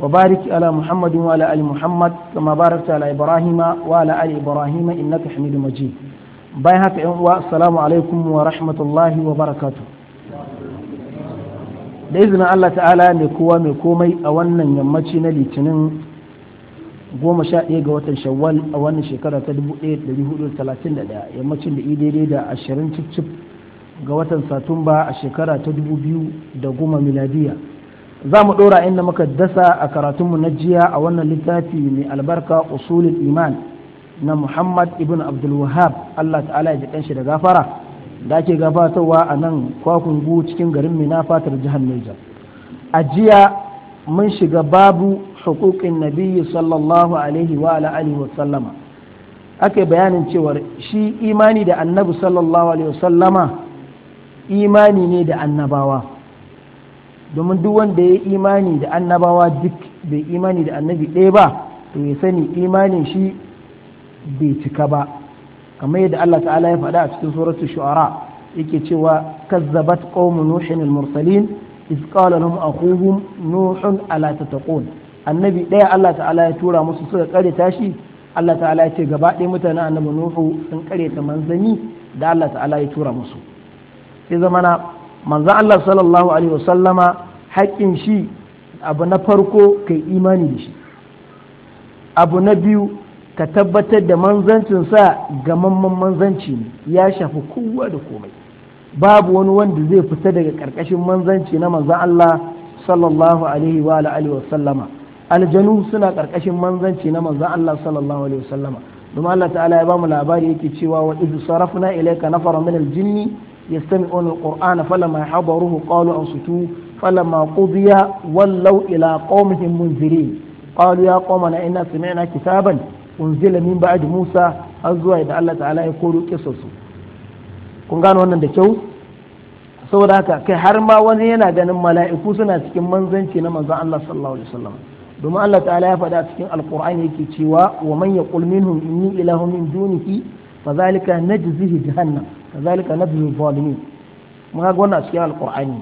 وبارك على محمد وعلى آل محمد كما باركت على إبراهيم وعلى آل إبراهيم إنك حميد مجيد باي بايهاك السلام عليكم ورحمة الله وبركاته da الله تعالى ta'ala mai kowa mai komai wannan yammaci na litinin goma sha ɗaya ga watan shawwal a wannan shekara ta 1431 yammacin da daidai da ashirin cip ga watan satumba a shekara ta 2010 miladiyya za mu ɗora inda muka dasa a karatunmu na jiya a wannan littafi mai albarka usulul iman na muhammad ibn abdulwahab allah ta'ala ya ɗan shi da gafara da ake gabatarwa a nan kwakungu cikin garin na fatar jihar neja a jiya mun shiga babu hukukin nabiyyi sallallahu alaihi wa alihi wa sallama ake bayanin cewa shi imani da annabi sallallahu alaihi wa sallama imani ne da annabawa domin duk wanda ya yi imani da annabawa duk bai imani da annabi ɗaya ba to ya sani imanin shi bai cika ba kamar yadda Allah ta'ala ya faɗa a cikin suratu shu'ara yake cewa kazzabat qaumu nuhin al-mursalin iz qala lahum akhuhum nuhun ala tattaqun annabi ɗaya Allah ta'ala ya tura musu suka kare tashi Allah ta'ala ya ce gaba ɗaya mutanen annabi nuhu sun kare ta manzani da Allah ta'ala ya tura musu sai zamana manzo Allah sallallahu alaihi wasallama haƙƙin shi abu na farko kai imani da shi abu na biyu ka tabbatar da manzancinsa ga mamman manzanci ne ya shafi kowa da komai babu wani wanda zai fita daga ƙarƙashin manzanci na manzan Allah sallallahu alaihi wa alihi wa sallama aljanu suna ƙarƙashin manzanci na manzan Allah sallallahu alaihi wa sallama domin Allah ta'ala ya ba mu labari yake cewa wa idh sarafna ilayka nafara min aljinni jinni yastami'una alqur'ana falamma hadaruhu qalu ansutu فلما قضي ولوا إلى قومهم منذرين قالوا يا قومنا إنا سمعنا كتابا أنزل من بعد موسى أزوى إذا الله تعالى يقول قصص kun gano wannan da kyau saboda haka kai har ma wani yana ganin mala'iku suna cikin manzanci na manzon Allah sallallahu alaihi wasallam domin Allah ta'ala ya faɗa cikin alqur'ani yake cewa wa man yaqul minhum inni ilahu min dunihi fadhalika najzihi jahannam kadhalika najzi zalimin mun ga wannan cikin alqur'ani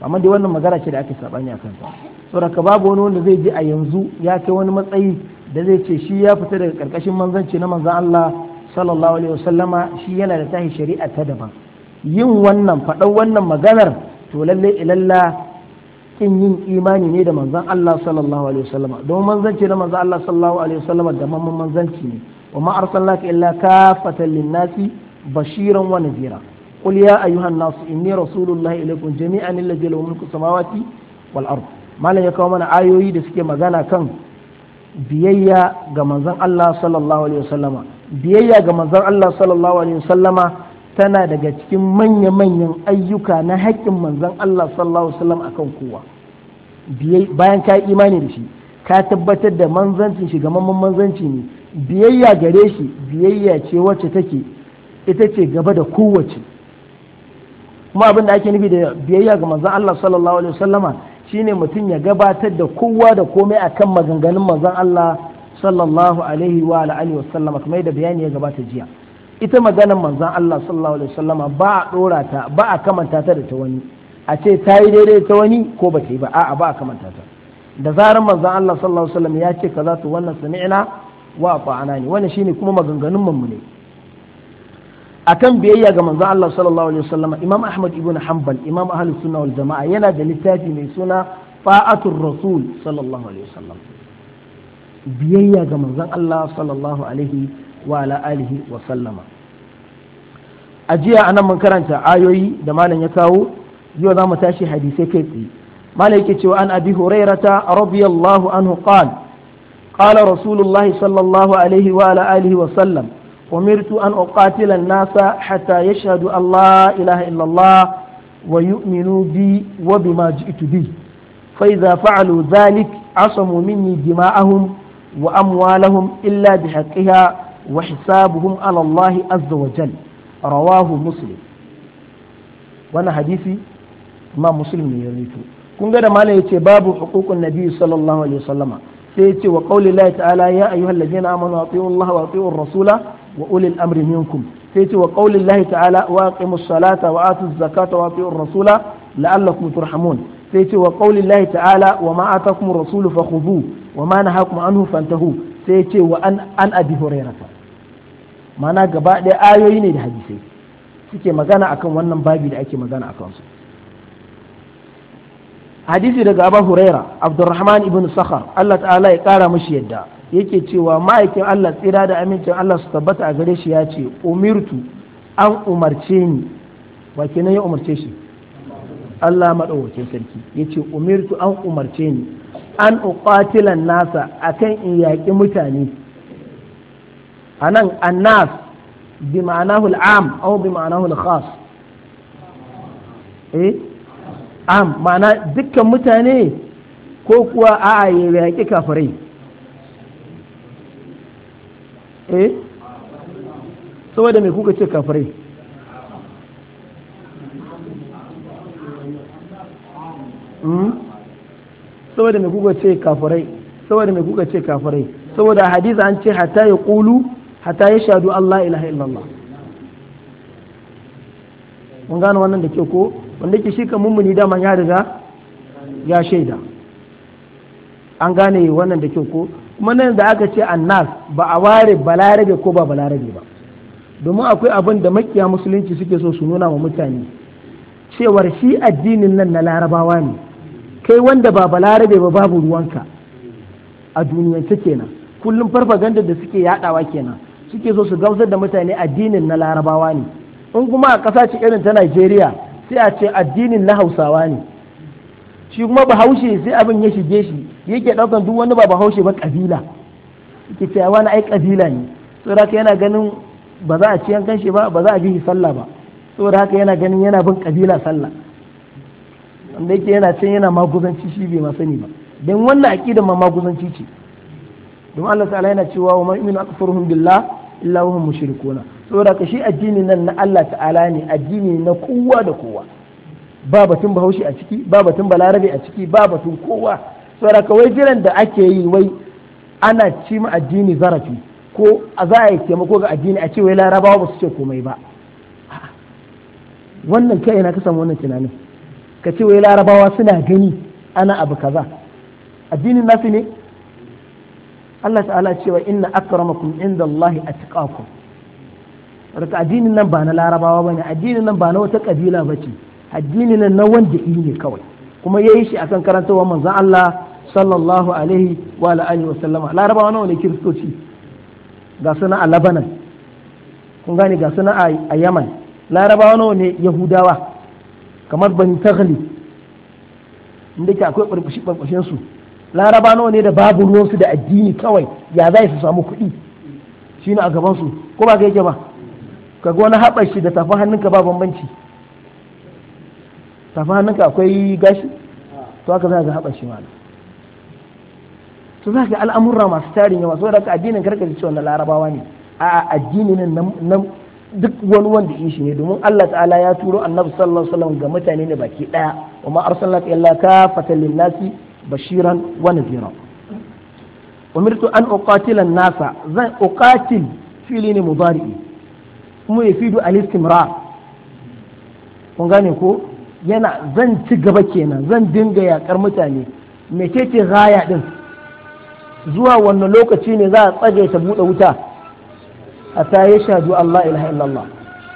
amma dai wannan magana ce da ake sabani akan ta saboda ka babu wani wanda zai ji a yanzu ya kai wani matsayi da zai ce shi ya fita daga karkashin manzanci na manzan Allah sallallahu alaihi wasallama shi yana da tahi shari'a ta daban yin wannan faɗan wannan maganar to lalle ilalla kin yin imani ne da manzan Allah sallallahu alaihi wasallama don manzanci na manzan Allah sallallahu alaihi wasallama da mamman manzanci ne wa ma arsalnaka illa kafatan lin-nasi bashiran wa nadhira قل يا أيها الناس إني رسول jami'an إليكم جميعا الذي له ملك السماوات والأرض ما لن يكون من آيوي دسكي مغانا كان biyayya ga manzon Allah sallallahu alaihi wasallama biyayya ga manzon Allah sallallahu alaihi wasallama tana daga cikin manya-manyan ayyuka na hakkin manzon Allah sallallahu alaihi wasallam akan kowa bayan ka imani da shi ka tabbatar da manzancin shi ga mamman manzanci ne biyayya gare shi biyayya ce wacce take ita ce gaba da kowace kuma abin da ake nufi da biyayya ga manzon Allah sallallahu alaihi wasallama shine mutum ya gabatar da kowa da komai akan maganganun manzon Allah sallallahu alaihi wa alihi wasallama kamar da bayani ya gabata jiya ita maganar manzon Allah sallallahu alaihi wasallama ba a dora ta ba a kamanta ta da ta wani a ce ta yi daidai ta wani ko ba ta yi ba a'a ba a kamanta ta da zarar manzon Allah sallallahu alaihi wasallam ya ce kaza to wannan sami'na wa ata'ana ne wannan shine kuma maganganun mu ne akan biyayya ga manzon Allah sallallahu alaihi wasallam Imam Ahmad ibn Hanbal Imam Ahlus Sunna wal Jama'a yana da littafi mai suna Fa'atul Rasul sallallahu alaihi wasallam biyayya ga manzon Allah sallallahu alaihi wa ala alihi wa sallama a jiya anan mun karanta ayoyi da malam ya kawo yau za mu tashi hadisi kai tsaye malam yake cewa an abi hurairata radiyallahu anhu qala qala rasulullahi sallallahu alaihi wa ala alihi wa sallam أمرت أن أقاتل الناس حتى يشهدوا أن لا إله إلا الله ويؤمنوا بي وبما جئت به فإذا فعلوا ذلك عصموا مني دماءهم وأموالهم إلا بحقها وحسابهم على الله عز وجل رواه مسلم وانا حديثي ما مسلم يريته kun ga ما malam yace babu huququn nabi sallallahu alaihi wasallama sai yace wa qauli la ta'ala ya ayyuhallazina amanu atiiu Allah wa ulil amri minkum sai ce wa qaulin ta'ala wa aqimus salata wa atuz zakata wa atiur rasula la'allakum turhamun sai ce wa qaulin ta'ala wa ma atakum rasulu fakhudhu wa ma nahakum anhu fantahu sai ce wa an an abi hurairata mana gaba ɗaya ayoyi ne da hadisai suke magana akan wannan babi da ake magana akan su hadisi daga abu huraira abdurrahman ibnu sakhar allah ta'ala ya kara mashi yadda yake cewa ma'aikin Allah tsira da amincin Allah su tabbata a gare shi ya ce umirtu an umarce ni wa kenan ya umarce shi Allah maɗaukakin sarki ya ce umirtu an umarce ni an uqatilan nasa akan in yaƙi mutane anan annas bi ma'anahu al'am aw bi ma'anahu al-khas eh am ma'ana dukkan mutane ko kuwa a'a ya yaƙi kafirai eh saboda me kuka ce kafirai hmm? saboda mai kuka ce kafirai saboda mai kuka ce kafirai saboda hadisi an ce hatta ya kulu hatta ya shaɗu Allah ilaha illallah mun gano wannan da ke ko wanda ke shi kan mummuni dama ya riga ya shaida an gane wannan da ke ko kuma nan da aka ce annas ba a ware balarabe ko ba balarabe ba domin akwai abin da makiya musulunci suke so su nuna wa mutane cewar shi addinin nan na larabawa ne kai wanda ba balarabe ba babu ruwanka a ta kenan kullum farfaganda da suke yadawa kenan suke so su gamsar da mutane addinin na larabawa ne in kuma a ƙasa ce irin ta najeriya sai a ce addinin na hausawa ne shi kuma bahaushe sai abin ya shige shi yake daukan duk wani ba bahaushe ba kabila yake cewa wani ai kabila ne saboda haka yana ganin ba za a ci yankan shi ba ba za a bi sallah ba saboda haka yana ganin yana bin kabila sallah wanda yake yana cin yana maguzanci shi bai ma sani ba dan wannan aqida ma maguzanci ce don Allah ta'ala yana cewa wa man yu'minu billah illa wa hum mushrikuna saboda haka shi addini nan na Allah ta'ala ne addini na kowa da kowa ba batun bahaushe a ciki ba batun balarabe a ciki ba batun kowa saboda kawai jiran da ake yi wai ana ci ma addini zarafi ko a za a yi taimako ga addini a ce wai larabawa ba su ce komai ba wannan kai na ka samu wannan tunanin ka ce wai larabawa suna gani ana abu kaza addinin nasu ne Allah ta'ala cewa inna akramakum inda Allah atqakum raka addinin nan ba na larabawa bane addinin nan ba na wata kabila bace addini nan na wanda yi ne kawai kuma ya yi shi akan karantarwa manzan Allah sallallahu alaihi wa alihi wa sallama larabawa nawa ne kiristoci ga suna a labanan kun gane ga suna a yaman larabawa nawa ne yahudawa kamar bani tagli inda ke akwai ɓarɓashi barbashin su laraba nawa ne da babu ruwansu da addini kawai ya za su samu kuɗi shi ne a gaban su ko ba ga yake ba kaga wani haɓar shi da tafi hannunka ba bambanci tafin hannunka akwai gashi to haka za ga haɓa shi mana to za ka al'amurra masu tarin yawa saboda ka addinin karka ji cewa na larabawa ne a addini ne na duk wani wanda yi shi ne domin Allah ta'ala ya turo annabi sallallahu alaihi wasallam ga mutane ne baki daya wa ma arsalnaka illa ka lin-nasi bashiran wa nadhira umirtu an uqatila nasa zan uqatil fili ne mudari kuma yafidu al-istimrar kun gane ko yana zan ci gaba kenan zan dinga yakar mutane mecece gaya din zuwa wanne lokaci ne za a tsage ta buɗe wuta a ta ya shahadu Allah ilaha illallah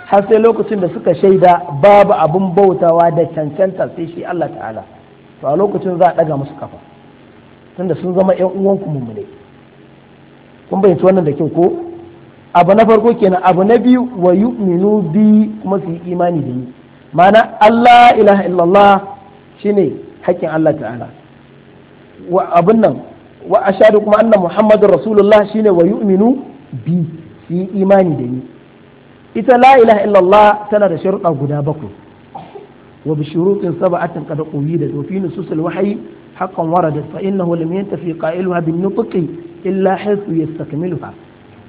har sai lokacin da suka shaida babu abun bautawa da cancanta sai shi Allah ta'ala to a lokacin za a ɗaga musu kafa tunda sun zama ƴan uwanku mummune kun bayyanci wannan da kyau ko abu na farko kenan abu na biyu wa yu'minu bi kuma su yi imani da ni mana Allah ilaha illallah shine hakkin Allah ta'ala wa abin nan wa ashadu kuma anna muhammadun rasulullah shine wa yu'minu bi su yi imani da ni ita la ilaha illallah tana da sharuɗa guda bakwai wa bi shurutin sab'atin qad qulida wa fi nususil wahyi haqqan waradat fa innahu lam yantafi qailuha bin nutqi illa haythu yastakmiluha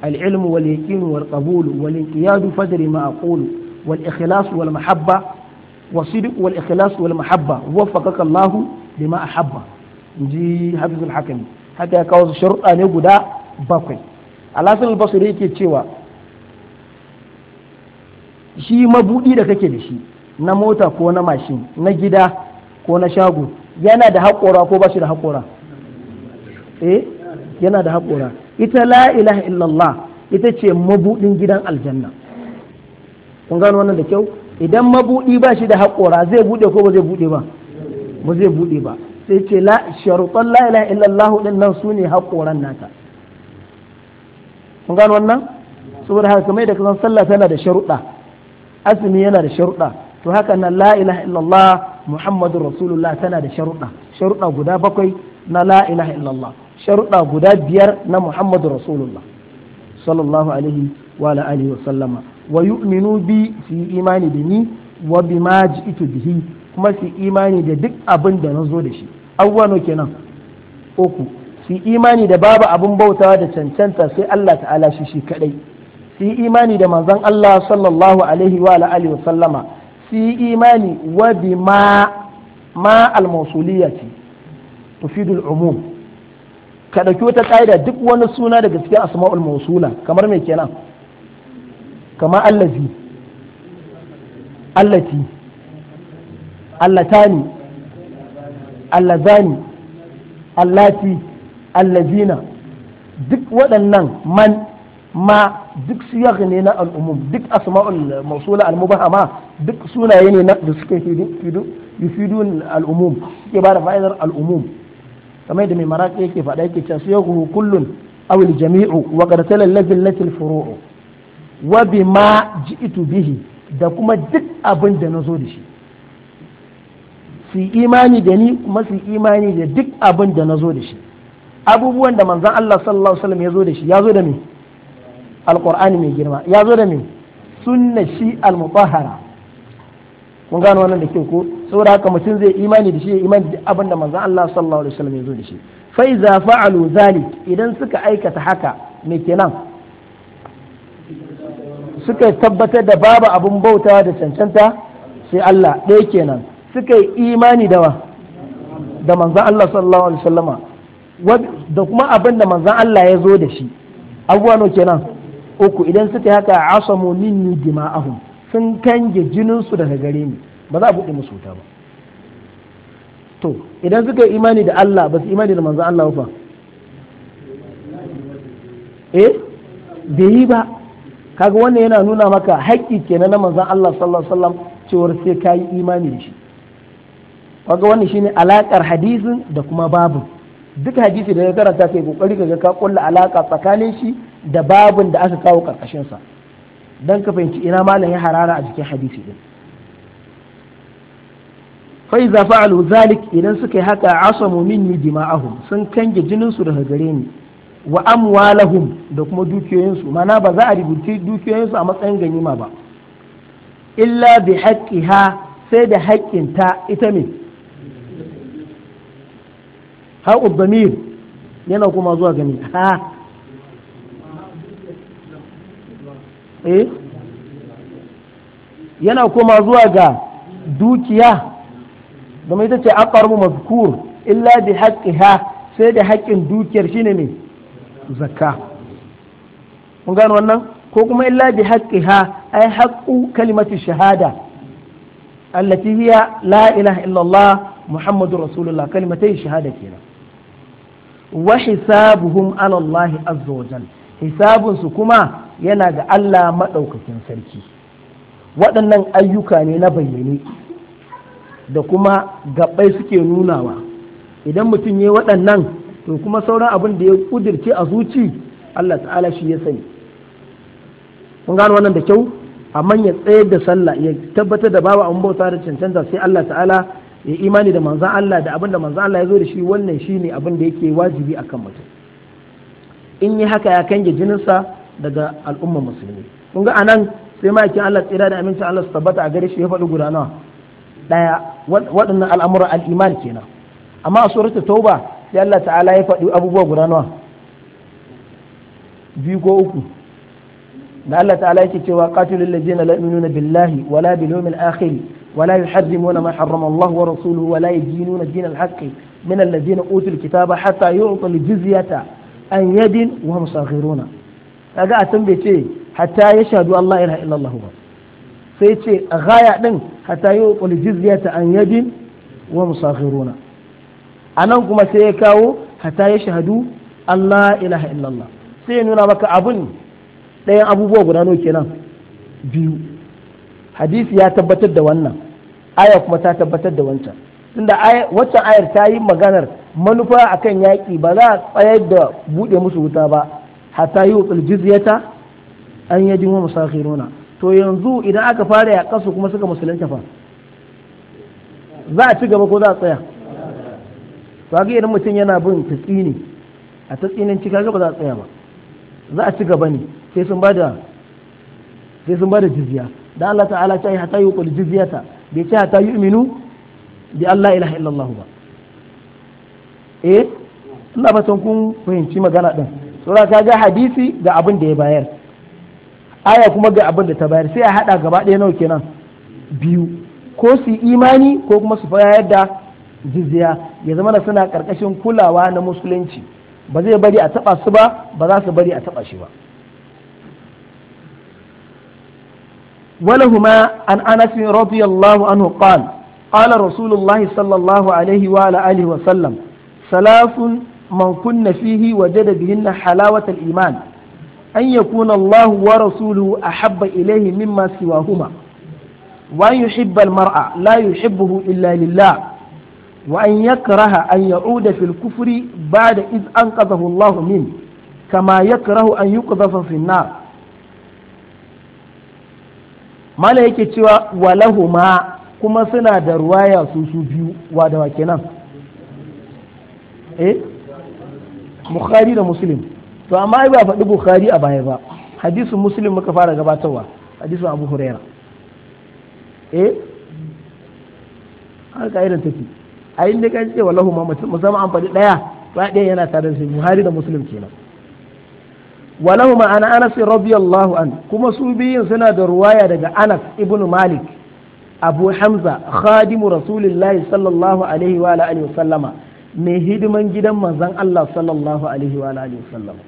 al-ilmu wal yaqin wal qabul wal inqiyadu fadri ma aqulu والإخلاص والمحبة والصدق والإخلاص والمحبة وفقك الله لما أحب نجي حفظ الحكم حتى يكوز شرط أن يقدا باقي الحسن البصري كتشوا shi mabuɗi da kake da shi na mota ko na mashin na gida ko na shago yana da haƙora ko ba shi da haƙora da haƙora ita la ilaha illallah ita ce mabuɗin gidan aljanna kun gano wannan da kyau idan mabuɗi ba shi da haƙora zai buɗe ko ba zai buɗe ba ba zai buɗe ba sai ce la sharuɗan la ilaha illallah din nan su ne haƙoran nata kun gano wannan saboda haka kamar da kasan sallah tana da sharuɗa azumi yana da sharuɗa to haka na la ilaha illallah muhammadur rasulullah tana da sharuɗa sharuɗa guda bakwai na la ilaha illallah sharuɗa guda biyar na muhammadur rasulullah sallallahu alaihi wa alihi wa sallama wa yu'minu bi su yi imani da ni wa bi ma ji'tu bihi kuma su imani da duk abin da na zo da shi awwano kenan uku su imani da babu abin bauta da cancanta sai Allah ta'ala shi shi kadai su imani da manzon Allah sallallahu alaihi wa alihi wa sallama su imani wa bi ma ma al-mawsuliyati tufidul umum ka dauki wata kaida duk wani suna daga cikin asma'ul masula kamar mai kenan kama allazi allati allatani allazani allati allazina duk waɗannan man ma duk su ne na al'umum duk asma'ul mausula al-mubahama duk sunaye ne na da suke yufidun al'umum suke ba da fa'idar al'umum kamar da mai maraƙi yake faɗa yake cewa siyahu kullun awil jami'u wa qartala allati al-furu'u wa ma ji'tu bihi da kuma duk abin da zo da shi su imani da ni kuma su imani da duk abin da zo da shi abubuwan da manzan Allah sallallahu alaihi wasallam ya zo da shi ya zo da me alqur'ani mai girma ya zo da me sunna shi al-mutahhara kun gano wannan da kyau ko saboda haka mutum zai imani da shi ya imani da abin da manzon Allah sallallahu alaihi wasallam ya zo da shi fa iza fa'alu zalik idan suka aikata haka me kenan suka tabbatar da babu abin bautawa da cancanta sai Allah ɗaya kenan suka yi imani da da manzan Allah sallallahu alaihi wasallama da kuma abin da manzan Allah ya zo da shi abubuwa no kenan uku idan suka yi haka asamu minni dima'ahum sun kange jininsu daga gare ni ba za a buɗe musu wuta ba to idan suka yi imani da Allah ba su imani da manzan Allah ba eh bai yi ba kaga wannan yana nuna maka haƙƙi kenan na manzon Allah sallallahu alaihi wasallam cewar sai ka yi imani da shi kaga wannan shine alaƙar hadisin da kuma babu duk hadisi da ya karanta kai kokari kaga ka kulla alaƙa tsakanin shi da babun da aka kawo karkashin sa dan ka fahimci ina malam ya harara a jikin hadisi din fa iza fa'alu zalik idan suka yi haka asamu minni dima'ahum sun kange jinin su daga gare ni wa amwalahum da kuma dukiyoyinsu mana ba za a rubuce dukiyoyinsu a matsayin ganima ba illa bi haqqiha sai da haƙƙinta ita ne haƙƙun damir yana kuma zuwa gani ha eh yana kuma zuwa ga dukiya domin ita ce aqrabu mazkur illa bi haqqiha sai da haƙƙin dukiyar shine ne zakka mun gano wannan ko kuma illa bi ha ai haƙƙu kalimatu shahada allati hiya la ilaha illallah muhammadur rasulullah kalimatai shahada kenan wa hisabuhum ala allah azza wa hisabun su kuma yana ga Allah madaukakin sarki waɗannan ayyuka ne na bayyane da kuma gaɓai suke nunawa idan mutum ya waɗannan to kuma sauran abin da ya kudirce a zuci Allah ta'ala shi ya sani kun gano wannan da kyau amma ya tsayar da sallah ya tabbatar da babu an bauta da cancanta sai Allah ta'ala ya imani da manzan Allah da abin da manzan Allah ya zo da shi wannan shine abin da yake wajibi akan mutum in yi haka ya kange sa daga al'ummar musulmi kun ga anan sai ma'aikin Allah tsira da amincin Allah su tabbata a gare shi ya faɗi guda nawa ɗaya waɗannan al'amuran al'iman kenan amma a suratul tauba sai Allah ta'ala ya faɗi abubuwa guda nawa biyu ko uku da Allah ta'ala yake cewa qatilul ladina la yu'minuna billahi wala bil yawmil akhir ma harrama Allah wa rasuluhu حرم الله ورسوله ولا يدينون دين الحق من الذين اوتوا الكتاب حتى jizyata an yadin wa hum saghiruna kaga a tambaye ce hatta ya shahadu Allah ilaha illallah ba sai ce a gaya din hatta yi wa jizyata an yadin wa hum saghiruna A nan kuma sai ya kawo hata ya shahadu Allah ilaha illallah sai ya nuna maka abun ɗayan abubuwa guda nawa kenan biyu hadisi ya tabbatar da wannan aya kuma ta tabbatar da wancan tunda waccan ayar ta yi maganar manufa a kan yaƙi ba za a tsayar da buɗe musu wuta ba hata yi wa jizyata an yi dimo nuna. to yanzu idan aka fara ya su kuma suka musulunta fa za a ci gaba ko za a tsaya to ga idan mutum yana bin tsini a tsinin ci kaga ba za a tsaya ba za a ci gaba ne sai sun bada sai sun bada jizya da Allah ta'ala ta yi hata yi kul jizyata bai ta hata yu'minu bi Allah ilaha illallah ba eh ina ba san kun fahimci magana din ka ga hadisi ga abin da ya bayar aya kuma ga abin da ta bayar sai a hada gaba ɗaya nawa kenan biyu ko su imani ko kuma su bayar da jizya ya zama da suna karkashin kulawa na musulunci ba zai bari a taba su ba ba za su bari a taba shi ba ولهما عن أنس رضي الله عنه قال قال رسول الله صلى الله عليه وعلى آله وسلم ثلاث من كن فيه وجد بهن حلاوة الإيمان أن يكون الله ورسوله أحب إليه مما سواهما وأن يحب المرأة لا يحبه إلا لله wa an yakraha an ya uda kufri ba da iz an kaza hullahu min kama ya karahu an yi kaza sassan na yake cewa walahu ma kuma suna da ruwaya su su biyu wa wake nan eh da muslim to amma ba faɗi bukhari a baya ba hadisun muslim muka fara gabatarwa hadisun abu huraira a inda kan ce wallahu ma musamman an faɗi ɗaya ba ɗaya yana tare da buhari da muslim kenan walahu ma ana anas radiyallahu an kuma su biyun suna da ruwaya daga anas ibn malik abu hamza khadimu rasulillahi sallallahu alaihi wa alihi wa sallama mai hidiman gidan manzon Allah sallallahu alaihi wa alihi wa sallama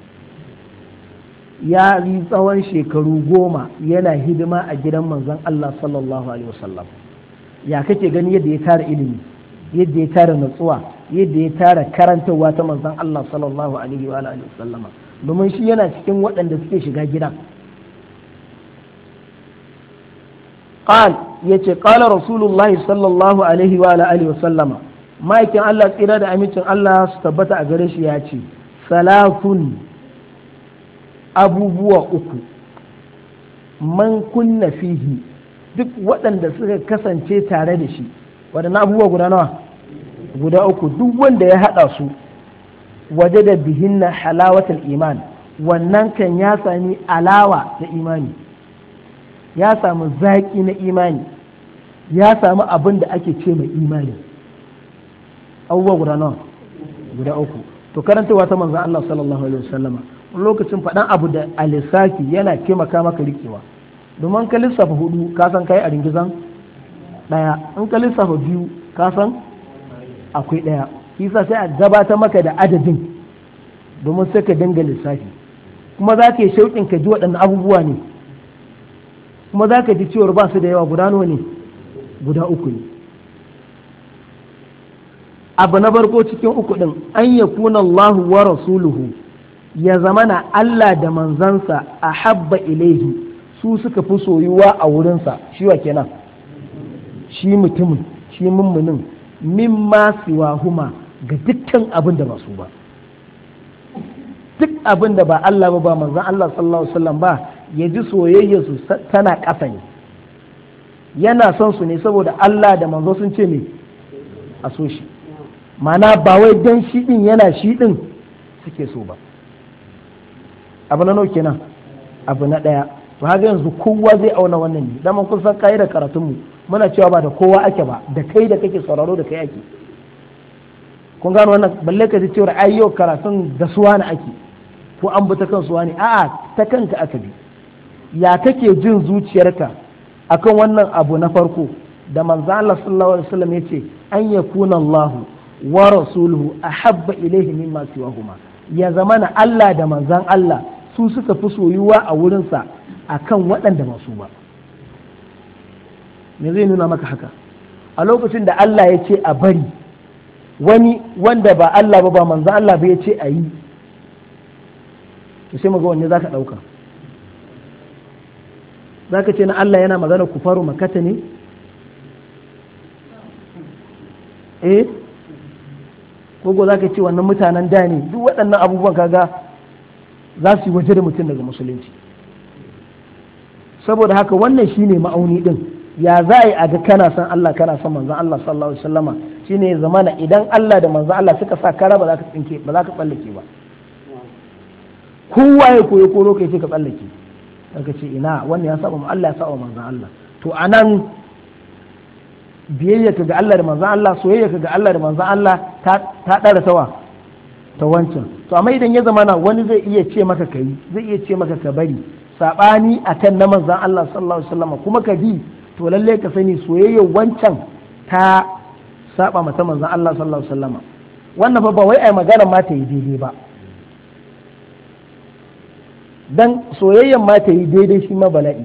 ya yi tsawon shekaru goma yana hidima a gidan manzon Allah sallallahu alaihi wa sallam ya kake gani yadda ya tara ilimi yadda ya tara natsuwa yadda ya tara karantarwa ta manzon Allah sallallahu alaihi wa alihi sallama domin shi yana cikin waɗanda suke shiga gidan Al yace قال rasulullahi الله صلى الله عليه وعلى آله Allah su tabbata الله تيرا دا أميتن الله abubuwa uku man kunna fihi duk waɗanda suka kasance tare da shi waɗannan abubuwa guda nawa guda uku duk wanda ya haɗa su waje da bihinna halawatul iman wannan kan ya sami alawa na imani ya samu zaƙi na imani ya samu abin da ake ce mai imani abubuwa guda nawa guda uku to karantawa ta manzan Allah sallallahu alaihi wasallama lokacin faɗan abu da alisafi yana taimaka maka riƙewa domin ka lissafa hudu kasan san kai a ringizan ɗaya in ka lissafa biyu ka san akwai ɗaya Kisa sai a gabatar maka da adadin domin sai ka dinga lissafi kuma za ka yi shauƙin ka ji waɗannan abubuwa ne kuma za ka ji cewar ba su da yawa guda nawa ne guda uku ne abu na farko cikin uku ɗin an ya kuna Allah wa rasuluhu ya zama na Allah da manzansa a habba ilaihi su suka fi soyuwa a wurinsa shi wa kenan shi mutumin shi mummunin mimma siwa huma ga dukkan abin da ba su ba duk abin da ba Allah ba ba manzon Allah sallallahu alaihi wasallam ba ya ji soyayya su tana ƙasa ne yana son su ne saboda Allah da manzo sun ce me a so shi mana ba wai dan shi din yana shi din suke so ba abu na nauke kenan abu na ɗaya to haka yanzu kowa zai auna wannan ne dama kun san da karatunmu muna cewa ba da kowa ake ba da kai da kake sauraro da kai ake kun gano wannan balle ka ji cewa ayyo karatun da suwa na ake ko an bi ta kan suwa ne a'a ta kanka aka bi ya kake jin zuciyarka akan wannan abu na farko da manzo Allah sallallahu alaihi wasallam yace an yakuna Allah wa rasuluhu ahabba ilayhi mimma siwahuma ya zamana Allah da manzan Allah su suka fi soyuwa a wurinsa akan waɗanda masu ba me zai nuna maka haka a lokacin da Allah ya ce a bari wani wanda ba Allah ba ba manzo Allah ba ya ce a yi to sai maga wanne zaka dauka zaka ce na Allah yana magana ku faru makata ne eh kogo zaka ce wannan mutanen da ne duk waɗannan abubuwan kaga za su yi waje da mutum daga musulunci saboda haka wannan shi ne ma'auni din ya za a yi a ga kana san Allah kana san manzon Allah sallallahu alaihi wasallama shine zamana idan Allah da manzon Allah suka sa kara ba za ka tsinke ba za ka tsallake ba kowa ya koyi koro kai sai ka tsallake ka ce ina wannan ya saba mu Allah ya saba manzon Allah to anan biyayya ka ga Allah da manzon Allah soyayya ka ga Allah da manzon Allah ta ta dara tawa ta wancan to amma idan ya zamana wani zai iya ce maka kai zai iya ce maka ka bari sabani akan na manzon Allah sallallahu alaihi wasallama kuma ka bi to lalle ka sani soyayyar wancan ta saba mata manzon Allah sallallahu alaihi wasallama wannan fa ba wai ai magana ma ta yi daidai ba dan soyayyan ma ta yi daidai shi ma bala'i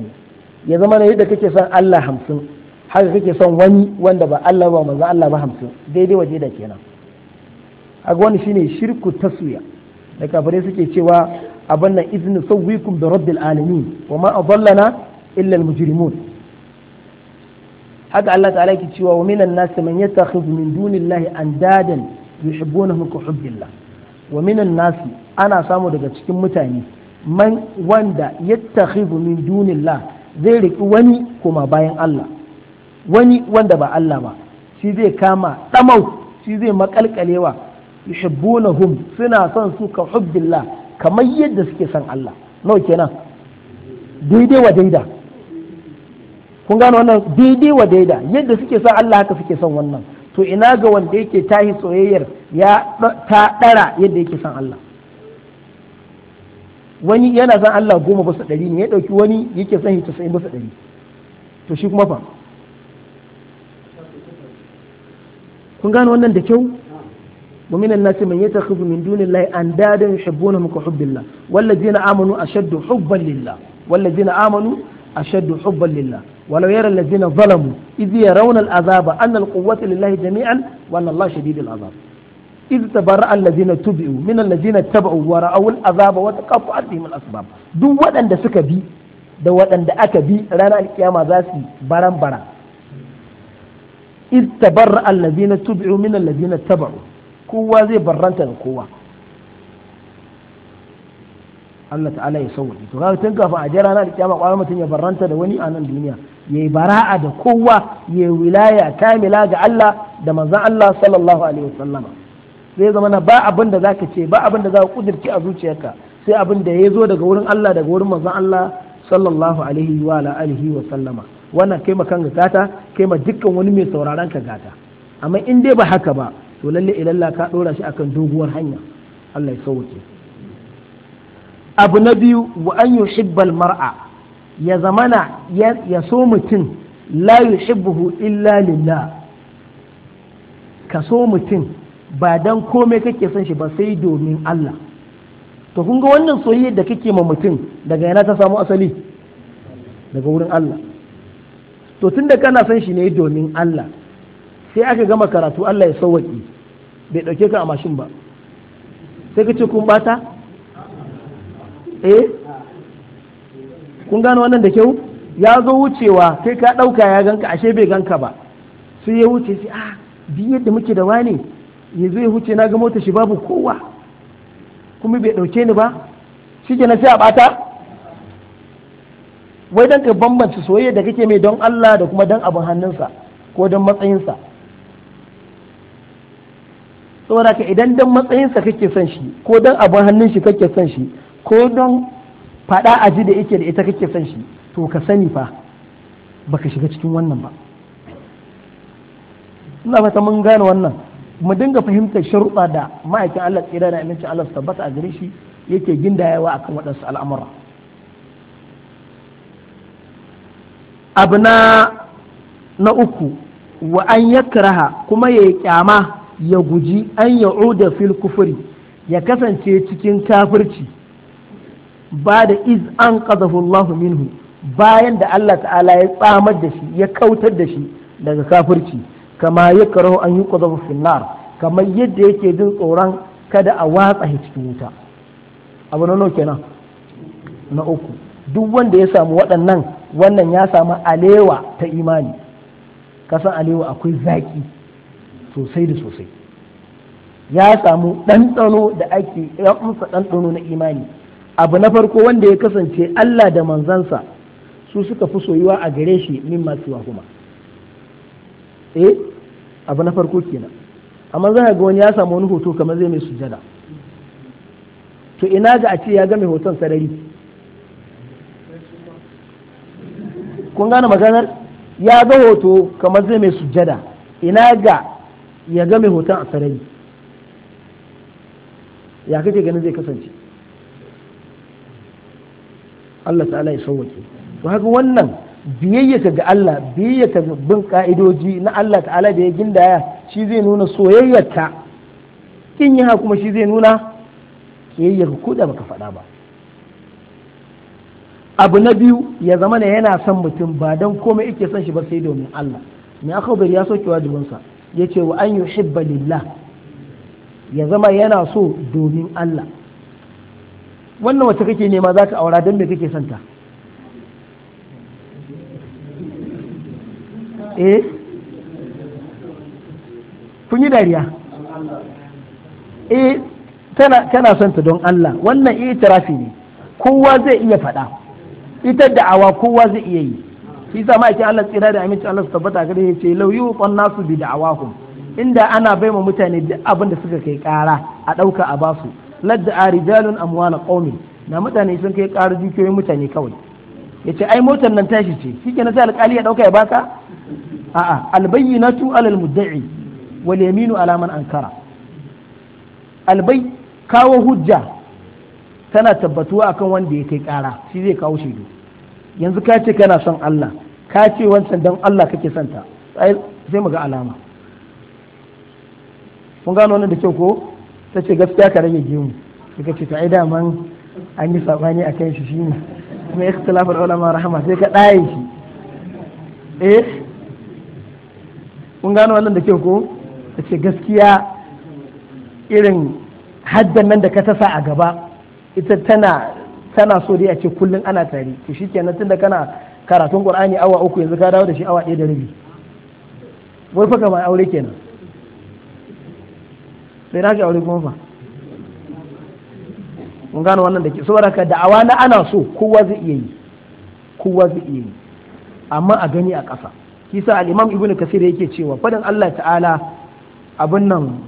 ya zama na yadda kake son Allah hamsin haka kake son wani wanda ba Allah ba manzon Allah ba hamsin daidai waje da kenan haka wani shine shirku taswiya da kafare suke cewa abin nan izini sauwikum da rabbil alamin wa ma adallana illa al mujrimun haka Allah ta'ala ke cewa wa minan nas man yattakhidhu min dunillahi andadan yuhibbunahum ka hubbillah wa minan nas ana samu daga cikin mutane man wanda yattakhidhu min dunillah zai riki wani kuma bayan Allah wani wanda ba Allah ba shi zai kama damau shi zai makalkalewa yuhibbunahum suna son su ka hubbillah kamar yadda suke son Allah nawa kenan daidai wa daida kun gano wannan daidai wa daida yadda suke son Allah haka suke son wannan to ina ga wanda yake tahi soyayyar ya ta dara yadda yake son Allah wani yana son Allah goma bisa ɗari ne ya ɗauki wani yake son shi tasa'in bisa ɗari to shi kuma fa kun gano wannan da kyau ومن الناس من يتخذ من دون الله أندادا يحبونهم كحب الله والذين آمنوا أشد حبا لله والذين آمنوا أشد حبا لله ولو يرى الذين ظلموا إذ يرون العذاب أن القوة لله جميعا وأن الله شديد العذاب إذ تبرأ الذين تبعوا من الذين اتبعوا ورأوا العذاب وتقطعت بهم الأسباب دون وأن دسك بي da waɗanda aka bi ranar alkiyama za su baran bara iz tabarra allazina tubi'u min allazina tabu kowa zai barranta da kowa Allah ta'ala ya sauwa to kaga tun kafin a je ranar alkiyama kwara mutum ya barranta da wani a nan duniya yi bara'a da kowa yi wilaya kamila ga Allah da manzon Allah sallallahu alaihi wasallama zai zama na ba abin da zaka ce ba abin da zaka kudirce a zuciyarka sai abin da ya zo daga wurin Allah daga wurin manzon Allah sallallahu alaihi wa sallama wannan kai ma kanka gata kai ma dukkan wani mai sauraron ka gata amma in dai ba haka ba to lalle ilalla ka dora shi akan doguwar hanya Allah ya sauke abu na biyu wa an yuhibbal mar'a ya zamana ya so mutum la yuhibbuhu illa lillah ka so mutum ba dan komai kake son shi ba sai domin Allah to kun ga wannan soyayyar da kake ma mutum daga yana ta samu asali daga wurin Allah to tunda kana son shi ne domin Allah sai aka gama karatu Allah ya sauwaki bai ɗauke ka a mashin ba sai ka ce kun bata eh kun gano wannan da kyau ya zo wucewa kai ka ɗauka ya ganka ashe bai ganka ba sai ya wuce sai ah bi yadda muke da wani ya zo ya wuce na ga mota shi babu kowa kuma bai ɗauke ni ba shi na sai a ɓata wai don ka bambance soyayya da kake mai don Allah da kuma don abin hannunsa ko don matsayinsa saboda ka idan don matsayinsa kake son shi ko don abin hannun shi kake son shi ko don faɗa a ji da yake da ita kake son shi to ka sani fa baka shiga cikin wannan ba ina fata mun gane wannan mu dinga fahimtar sharuɗa da ma'aikin Allah tsira da amincin Allah su tabbata a gare shi yake gindayawa akan waɗansu al'amura abu na uku wa an yakraha kuma ya kyama ya guji an ya'uda fil kufuri ya kasance cikin kafirci ba da iz an qazahu Allahu minhu bayan da Allah ta'ala ya tsamar da shi ya kautar da shi daga kafirci kama ya karo an yi kwazafu finnar kamar yadda yake jin tsoron kada a watsa shi cikin wuta abu na nauke na uku duk wanda ya samu waɗannan wannan ya samu alewa ta imani kasan alewa akwai zaki sosai da sosai ya samu ɗanɗano da ake ya ɗanɗano na imani abu na farko wanda ya kasance Allah da manzansa su suka fi soyuwa a gare shi min masu kuma eh abu na farko kenan amma za ga wani ya samu wani hoto kamar zai mai sujada to ina ga a ce ya ga mai hoton sarari kun gane maganar ya ga hoto kamar zai mai sujada ina ga ya ga mai hoton a sarari ya kake ganin zai kasance Allah ta'ala ya sauwake to haka wannan biyayyaka ga Allah biyayyaka bin ka'idoji na Allah ta'ala da ya gindaya shi zai nuna soyayyarka kin yi kuma shi zai nuna kiyayyarka ko da baka faɗa ba abu na biyu ya zama ne yana son mutum ba dan komai yake son shi ba sai domin Allah me aka bari ya soke wajibin ya ce wa an yuhibba lillah ya zama yana so domin Allah wannan wacce kake nema za ka aura don me kake santa eh kun yi dariya eh tana santa don Allah wannan tarafi ne kowa zai iya faɗa ita da awa kowa zai iya yi shi sa ma'aikin Allah tsira da aminci Allah su tabbata gare ya ce lau yi nasu bi da'awahum inda ana bai wa mutane duk abin da suka kai ƙara a ɗauka a basu ladda rijalun amwala qaumi na mutane sun kai ƙarar dukiyoyin mutane kawai yace ai motar nan tashi ce shike na sai alƙali ya dauka ya baka a'a albayyinatu alal mudda'i wal yaminu ala man ankara albay kawo hujja tana tabbatuwa akan wanda ya kai kara shi zai kawo shaidu yanzu ka ce kana son Allah ka ce wancan dan Allah kake son ta sai mu ga alama kun gano wannan da kyau ko ta ce gaskiya ka rage gemu Daga ce to ai daman an yi sabani a kan shi ne. kuma lafar ulama rahama sai ka ɗaye shi eh kun gano wannan da kyau ko ta ce gaskiya irin haddan nan da ka tasa a gaba ita tana tana so dai a ce kullum ana tare to kenan tunda kana karatun ƙur'ani awa uku yanzu ka dawo da shi awa ɗaya da rabi wai fa kamar aure kenan sai na ga aure kuma fa mun gano wannan da ke saboda ka da'awa na ana so kowa zai iya yi kowa zai iya yi amma a gani a ƙasa kisa al-imam ibnu kasir yake cewa fadin Allah ta'ala abin nan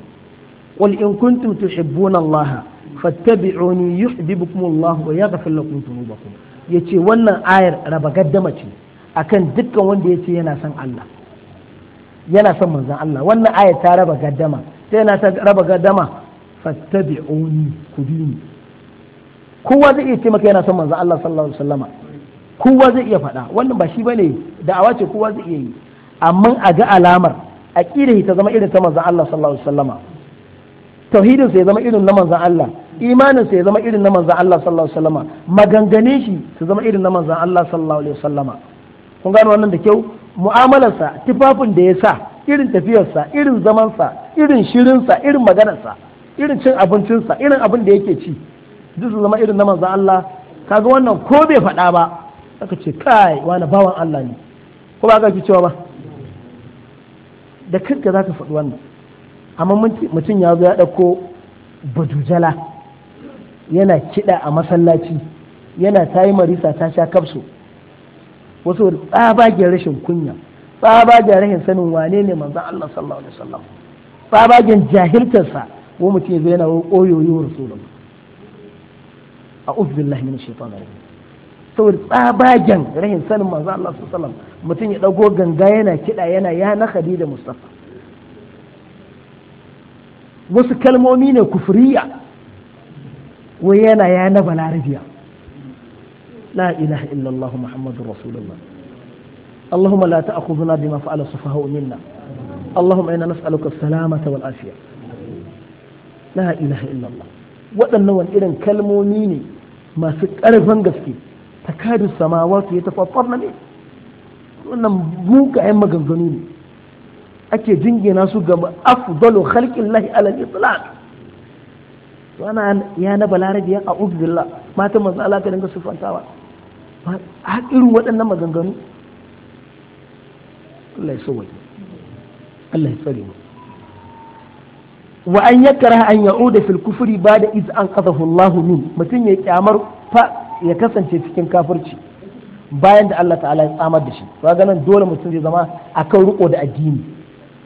qul in kuntum tuhibbuna Allah fattabi'uni yuhibbukum Allah wa yaghfir lakum dhunubakum yace wannan ayar raba gaddama ce akan dukkan wanda yace yana son Allah yana son manzon Allah wannan ayar ta raba gaddama sai na ta raba gadama fattabi'uni ku bi ni kowa zai iya ce maka yana son manzo Allah sallallahu alaihi wasallama kowa zai iya faɗa wannan ba shi bane da'awa ce kowa zai iya yi amma a ga alamar aqidar ta zama irin ta manzo Allah sallallahu alaihi wasallama tauhidin sai ya zama irin na manzo Allah imanin sai ya zama irin na manzo Allah sallallahu alaihi wasallama maganganin shi ya zama irin na manzo Allah sallallahu alaihi wasallama kun gano wannan da kyau mu'amalarsa tufafin da ya sa irin tafiyarsa irin zamansa irin shirinsa irin maganarsa irin cin abincinsa irin abin da yake ci duk su zama irin na manzan Allah kaga wannan ko bai faɗa ba aka ce kai wani bawan Allah ne ko ba ka ji cewa ba da kanka za ka faɗi wannan amma mutum ya zo ya ɗauko bajujala yana kiɗa a masallaci yana tayi marisa ta sha kafso wasu tsabagen rashin kunya tsabagen rahin sanin wane ne manzon Allah sallallahu alaihi wasallam tsabagen jahiltarsa ko mutum zai na wa rasulullah a billahi min shaitanir rajim saboda tsabagen rahin sanin manzo Allah sallallahu alaihi wasallam mutum ya dago ganga yana kida yana ya na Khadija Mustafa wasu kalmomi ne kufriya wai yana ya na balarabiya la ilaha illallah muhammadur rasulullah اللهم لا تأخذنا بما فعل السفهاء منا اللهم إنا نسألك السلامة والعافية لا إله إلا الله وأنه إذن كلمونيني ما سكر فنقسكي تكاد السماوات na ne? wannan mugayen maganganu ne ake jingina su ga afdalu khalqillahi ala al-itlaq to ana ya na balarabi ya a'udhu billah mata manzo Allah ka dinga sufantawa a irin waɗannan maganganu Allah ya Allah ya tsare mu wa an yakara an ya'uda fil kufri ba'da iz an qadahu Allah min mutum ya kyamar fa ya kasance cikin kafirci bayan da Allah ta'ala ya tsamar da shi to ga nan dole mutum zai zama akan riko da addini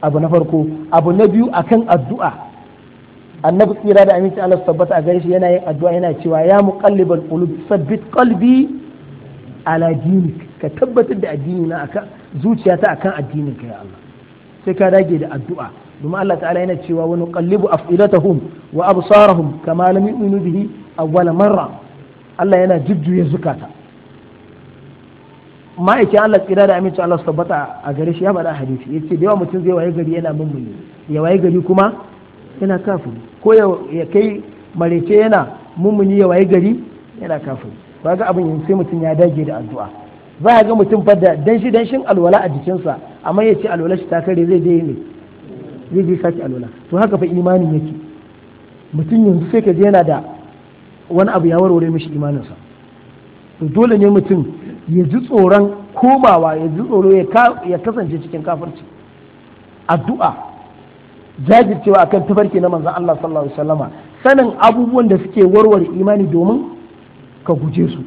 abu na farko abu na biyu akan addu'a annabi tsira da aminci Allah tabbata a gare shi yana yin addu'a yana cewa ya muqallibal qulub sabbit qalbi ala dinik ka tabbatar da addini na akan zuciyata akan addinin ka ya Allah sai ka dage da addu'a domin Allah ta'ala yana cewa wani qallibu afilatahum wa absarahum kama lam yu'minu bihi awwala marra Allah yana jujjuya zukata yake Allah tsira da aminci Allah bata a gare shi ya bada hadisi yace da yawa mutum zai waye gari yana mun ya waye gari kuma yana kafin ko ya kai marece yana mummuni ya waye gari yana ba kaga abin sai mutum ya dage da addu'a za a ga mutum fadda danshi danshin alwala a jikinsa amma ya ce alwala shi ta kare zai je ne zai je sake alwala to haka fa imanin yake mutum yanzu sai ka je yana da wani abu ya warware mishi imaninsa to dole ne mutum ya ji tsoron komawa ya ji tsoro ya kasance cikin kafirci addu'a jajircewa akan tafarki na manzon Allah sallallahu alaihi wasallama sanin abubuwan da suke warware imani domin ka guje su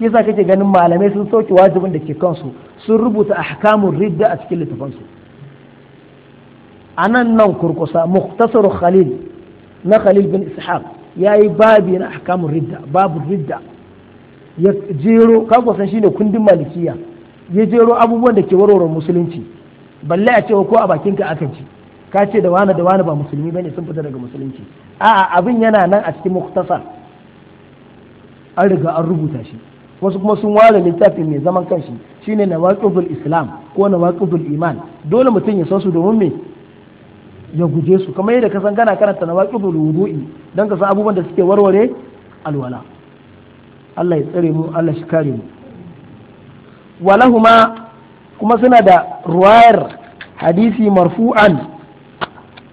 shi yasa kake ganin malamai sun soke wajibin da ke kansu sun rubuta ahkamun ridda a cikin littafansu anan nan kurkusa muktasar khalil na khalil bin ishaq ya yi babi na ahkamun ridda babu ridda ya jero kakwasan shine kundin malikiya ya jero abubuwan da ke warware musulunci balle a cewa ko a bakinka aka ci ka ce da wani da wani ba musulmi bane sun fita daga musulunci a'a abin yana nan a cikin muktasar an riga an rubuta shi wasu kuma sun ware littafi mai zaman kanshi shine nawaqidul islam ko na nawaqidul iman dole mutum ya san su domin me ya guje su kamar yadda ka san kana karanta nawaqidul wudu'i dan ka san abubuwan da suke warware alwala Allah ya tsare mu Allah shi kare mu walahuma kuma suna da ruwayar hadisi marfu'an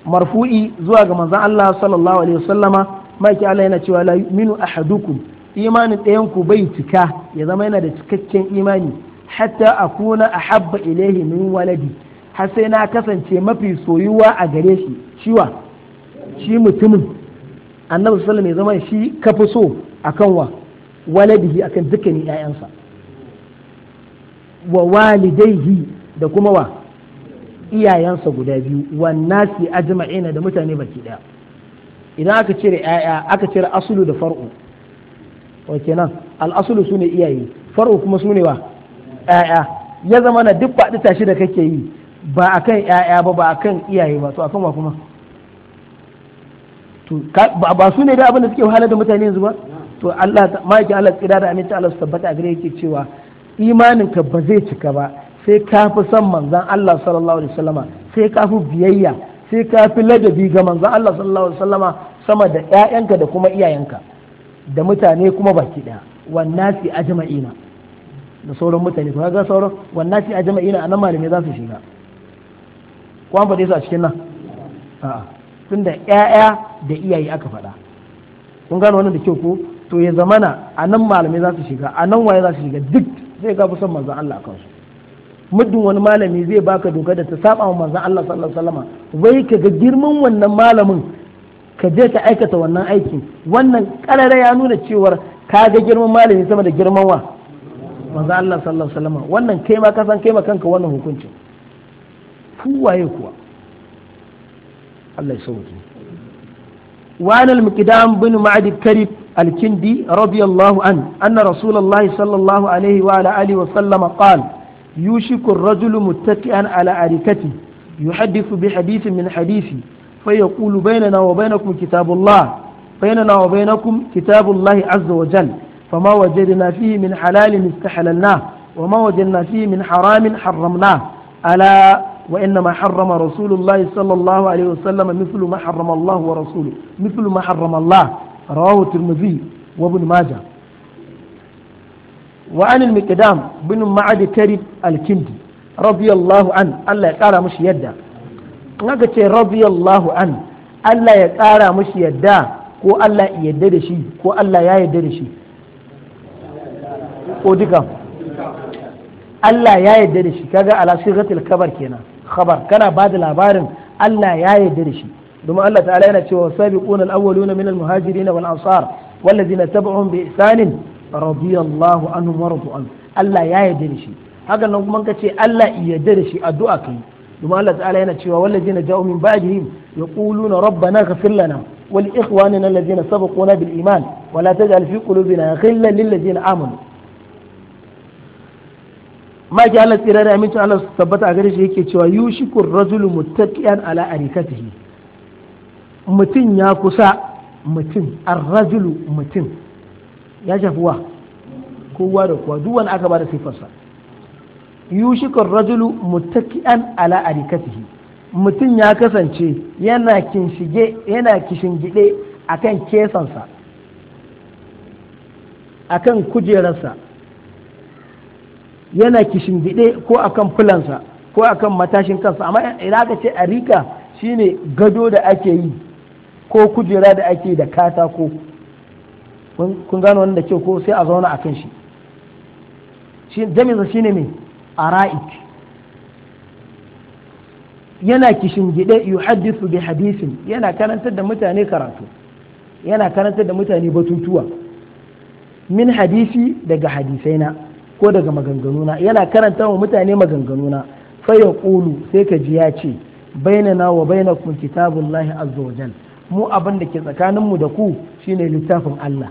marfu'i zuwa ga manzon Allah sallallahu alaihi wasallama maki Allah yana cewa la yu'minu ahadukum imanin ɗayan ku bai cika ya zama yana da cikakken imani hatta akuna ahabba ilaihi min waladi har sai na kasance mafi soyuwa a gare shi shiwa shi mutumin annabi sallallahu ya zama shi kafi so akan wa waladihi akan dukkanin ƴaƴansa wa walidaihi da kuma wa iyayensa guda biyu wannasi ajma'ina da mutane baki daya idan aka cire ƴaƴa aka cire asulu da far'u wa kenan al'asulu su ne iyaye faru kuma su ne wa ƴaƴa ya zama na duk faɗi tashi da kake yi ba a kan ƴaƴa ba ba a kan iyaye ba to a kan wa kuma to ba su ne da abin da suke wahalar da mutane yanzu ba to Allah ma'aikin Allah tsira da aminta Allah su tabbata a gare yake cewa imaninka ba zai cika ba sai ka fi son manzon Allah sallallahu alaihi wasallama sai ka fi biyayya sai ka fi ladabi ga manzon Allah sallallahu alaihi wasallama sama da ƴaƴanka da kuma iyayenka da mutane kuma baki daya wannasi jama'ina da sauran mutane to kaga sauran wannasi jama'ina anan malamai za su shiga ko an faɗe su a cikin nan a'a tunda ƴaƴa da iyaye aka faɗa kun gano wannan da kyau ko to ya zamana anan malamai za su shiga anan waye za su shiga duk zai ga son manzon Allah a kansu muddin wani malami zai baka doka da ta saba wa manzon Allah sallallahu alaihi wasallama wai kaga girman wannan malamin ka je ka aikata wannan aikin wannan karara ya nuna cewar ka ga girman malami sama da girman wa manzo Allah sallallahu alaihi wasallam wannan kai ma ka san kai ma kanka wannan hukuncin ku waye kuwa Allah ya sauke وعن المقدام بن معد الكرب الكندي رضي الله عنه أن رسول الله صلى الله عليه وعلى آله وسلم قال يوشك الرجل متكئا على أريكته يحدث بحديث من حديثي فيقول بيننا وبينكم كتاب الله بيننا وبينكم كتاب الله عز وجل فما وجدنا فيه من حلال استحللناه وما وجدنا فيه من حرام حرمناه ألا وإنما حرم رسول الله صلى الله عليه وسلم مثل ما حرم الله ورسوله مثل ما حرم الله رواه الترمذي وابن ماجه وعن المقدام بن معد كرب الكندي رضي الله عنه الله يقال مش يده in aka ce radiyallahu an Allah ya ƙara mashi yadda ko Allah ya yadda da shi ko Allah ya yadda da shi ko duka Allah ya yadda da shi kaga ala sigatil kabar kenan khabar kana ba da labarin Allah ya yadda da shi domin Allah ta'ala yana cewa sabiquna al-awwaluna min al-muhajirin wal ansar wallazina tabi'uhum bi ihsanin radiyallahu anhum wa radu Allah ya yadda da shi hakan nan kuma kace Allah ya yadda da shi addu'a kai domin Allah ta'ala yana cewa wallazina ja'u min ba'dihim yaquluna rabbana ighfir lana wa li ikhwanina alladhina sabaquna bil iman wa la ya kai qulubina ghillan lil ladzina amanu ma ki Allah tsira da amincin Allah su tabbata a gare shi yake cewa yushikur rajulu muttaqiyan ala arikatihi mutum ya kusa mutum ar mutum ya shafuwa kowa da kowa duk wani aka da sifarsa yushikar rajulu muttaki'an ala arikatihi mutum ya kasance yana kinshige yana kishingide akan kesansa akan kujerarsa yana kishingide ko akan fulansa ko akan matashin kansa amma idan aka ce arika shine gado da ake yi ko kujera da ake da katako kun gano wanda ke ko sai a zauna akan shi shi jaminsa shine me ra'ik yana kishingide yuhaddithu bi hadisin yana karanta da mutane karatu yana karanta da mutane batutuwa min hadisi daga hadisaina ko daga maganganuna yana karanta wa mutane maganganuna fa ƙulu sai ka ji ya ce na wa kun kitabullahi azza wa mu abin da ke tsakaninmu da ku shine littafin Allah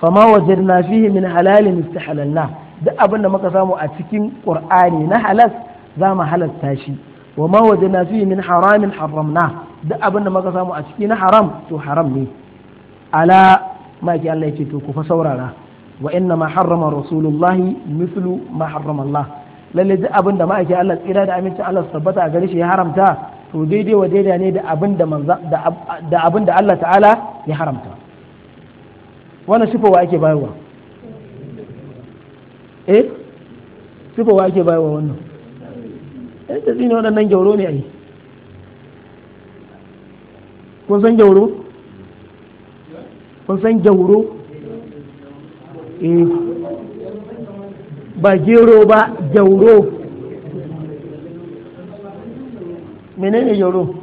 fama wajadna fihi min halalin istihalallah duk abin da muka samu a cikin qur'ani na halas za mu halasta shi wa ma wajadna fi min haramin haramna duk abin da muka samu a ciki na haram to haram ne ala maki Allah yake to ku fa saurara wa inna ma harrama rasulullahi mithlu ma harrama Allah lalle duk abin da ma'aikin Allah tsira da aminci Allah tabbata a gare shi ya haramta to daidai wa daidai ne da abin da da abin da Allah ta'ala ya haramta wannan sifa wa ake bayarwa eh sifa wa ake bayarwa wannan eh ta zini waɗannan gyauro ne yi kun san gyauro kun san gyauro eh ba gero ba gyauro menene gyauro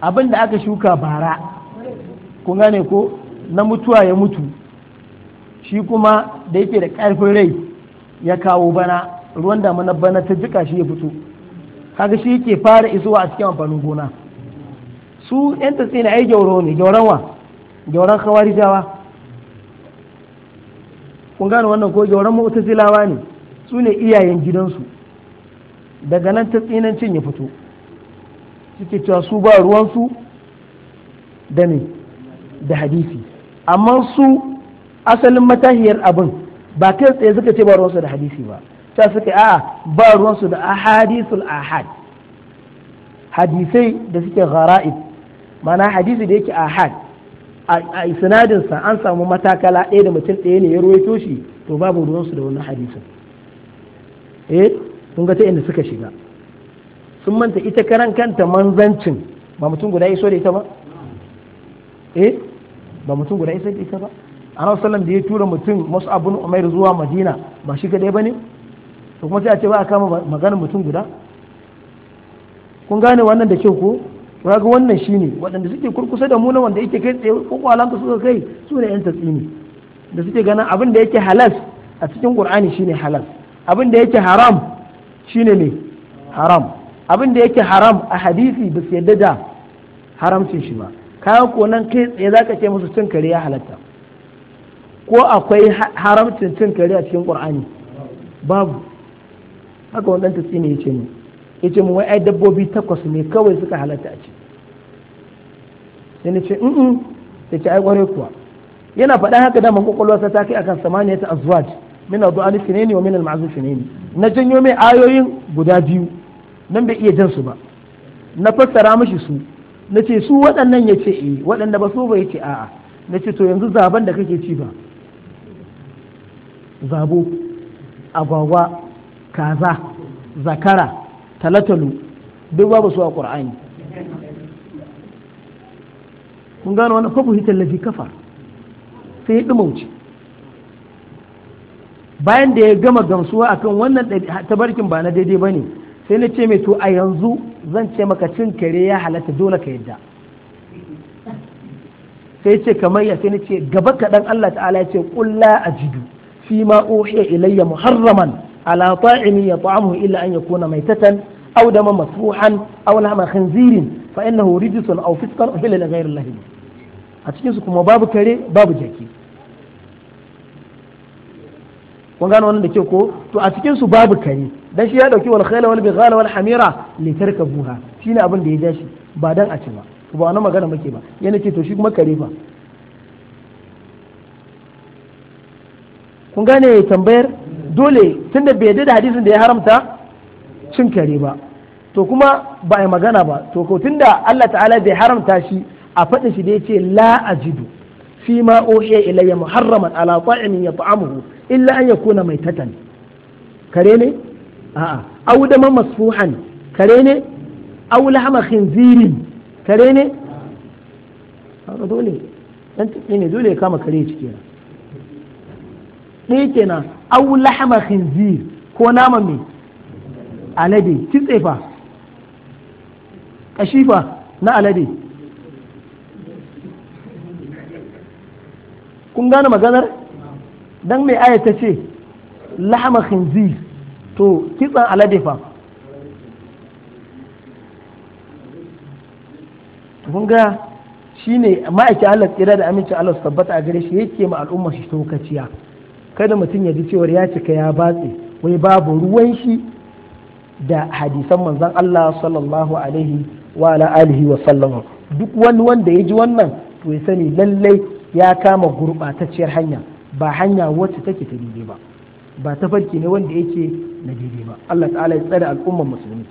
abin da aka shuka bara kun gane ko na mutuwa ya mutu shi kuma da yake da ƙarfin rai ya kawo bana ruwan da mana bana ta jika shi ya fito kaga shi yake fara isowa a cikin amfanin gona su yan tatsi na ai gyauro ne gyauran wa gyauran khawarijawa kun gane wannan ko gyauran mu'tazilawa ne su ne iyayen gidansu daga nan ta tsinancin ya fito suke cewa su ba ruwansu da ne da hadisi amma su asalin matahiyar abin ba kai tsaye suka ce ba ruwansu da hadisi ba ta suka a ba ruwansu da ahadisul ahad hadisai da suke ghara'ib mana hadisi da yake ahad a sinadinsa an samu matakala ɗaya da mutum ɗaya ne ya ruwaito shi to babu ruwansu da wannan hadisin eh kun ga ta inda suka shiga sun manta ita karan kanta manzancin ba mutum guda iso da ita ba eh ba mutum guda iso da ita ba annabi sallam da ya tura mutum Mus'ab ibn Umair zuwa Madina ba shi kadai bane to kuma sai a ce ba a kama maganar mutum guda kun gane wannan da kyau ko ga wannan shine waɗanda suke kurkusa da mu na wanda yake kai tsaye ko kwakwalanka suka kai su ne yan tatsini da suke ganin abin da yake halas a cikin qur'ani shine halas abin da yake haram shine ne haram abin da yake haram a hadisi ba su yadda da haramcin shi ba kayan ko nan kai tsaye zaka ce musu cin kare ya halatta ko akwai haramcin cin kare a cikin qur'ani babu haka wannan tasini yace ne ce mu wai ai dabbobi takwas ne kawai suka halatta a ci sai nace in in ce ai ƙware kuwa yana faɗa haka da kwakwalwarsa ta kai akan samaniya ta azwaj min al-du'ani sinani wa min al-ma'zuf sinani na janyo mai ayoyin guda biyu nan bai iya jansu ba na fassara mishi su na ce su waɗannan ya ce eh waɗanda ba su ba ya ce a'a na ce to yanzu zaben da kake ci ba zabo agwagwa kaza zakara talatalu duk babu su a ƙur'ani kun gano wani fafu hitar lafi kafa sai ya ɗumauce bayan da ya gama gamsuwa akan wannan tabarkin ba na daidai ba ne sai na ce mai to a yanzu zan ce maka cin kare ya halatta dole ka yadda sai ce kamar ya sai na ce gaba kaɗan Allah ta'ala ya ce ƙulla a jidu فيما ma إلي ilayya muharraman ala يطعمه إلا illa an ميتة maitatan aw dama أو aw خنزير فإنه رجس أو rijsun aw لغير الله li ghayri كري a جاكي kun gano wannan da ke ko to a cikin su babu kare dan shi ya dauki wal khayla wal bighala wal hamira li tarkabuha shine abin da ya ja shi ba dan a ci ba ba wannan magana muke ba yana ce to shi kuma kare fa kun gane ya tambayar dole tun da bai yadda da hadisin da ya haramta cin kare ba to kuma ba ya magana ba to ko tun da Allah ta'ala bai haramta shi a faɗin shi da ya ce la ajidu fi ma ohiya ilayya muharraman ala fi yat'amuhu illa an yakuna tatan kare ne a'a aw dama masfuhan kare ne aw lahma khinzirin kare ne haka dole dan ne dole ya kama kare ciki ɗaya kenan aw lahma khinzir ko nama mai alade kitse fa kashifa na alade kun gane maganar dan mai aya ta ce lahma khinzir to kitsan alade fa kun ga shine ma'aikin Allah tsira da amincin Allah su tabbata a gare shi yake ma al'umma shi tokaciya kada mutum ya ji cewar ya cika ya batse wai babu ruwan shi da hadisan manzon Allah sallallahu alaihi wa alihi wa sallam duk wani wanda ya ji wannan to ya sani lallai ya kama gurbatacciyar hanya ba hanya wacce take ta daidai ba ba ta farki ne wanda yake na daidai ba Allah ta'ala ya tsare al'ummar musulmi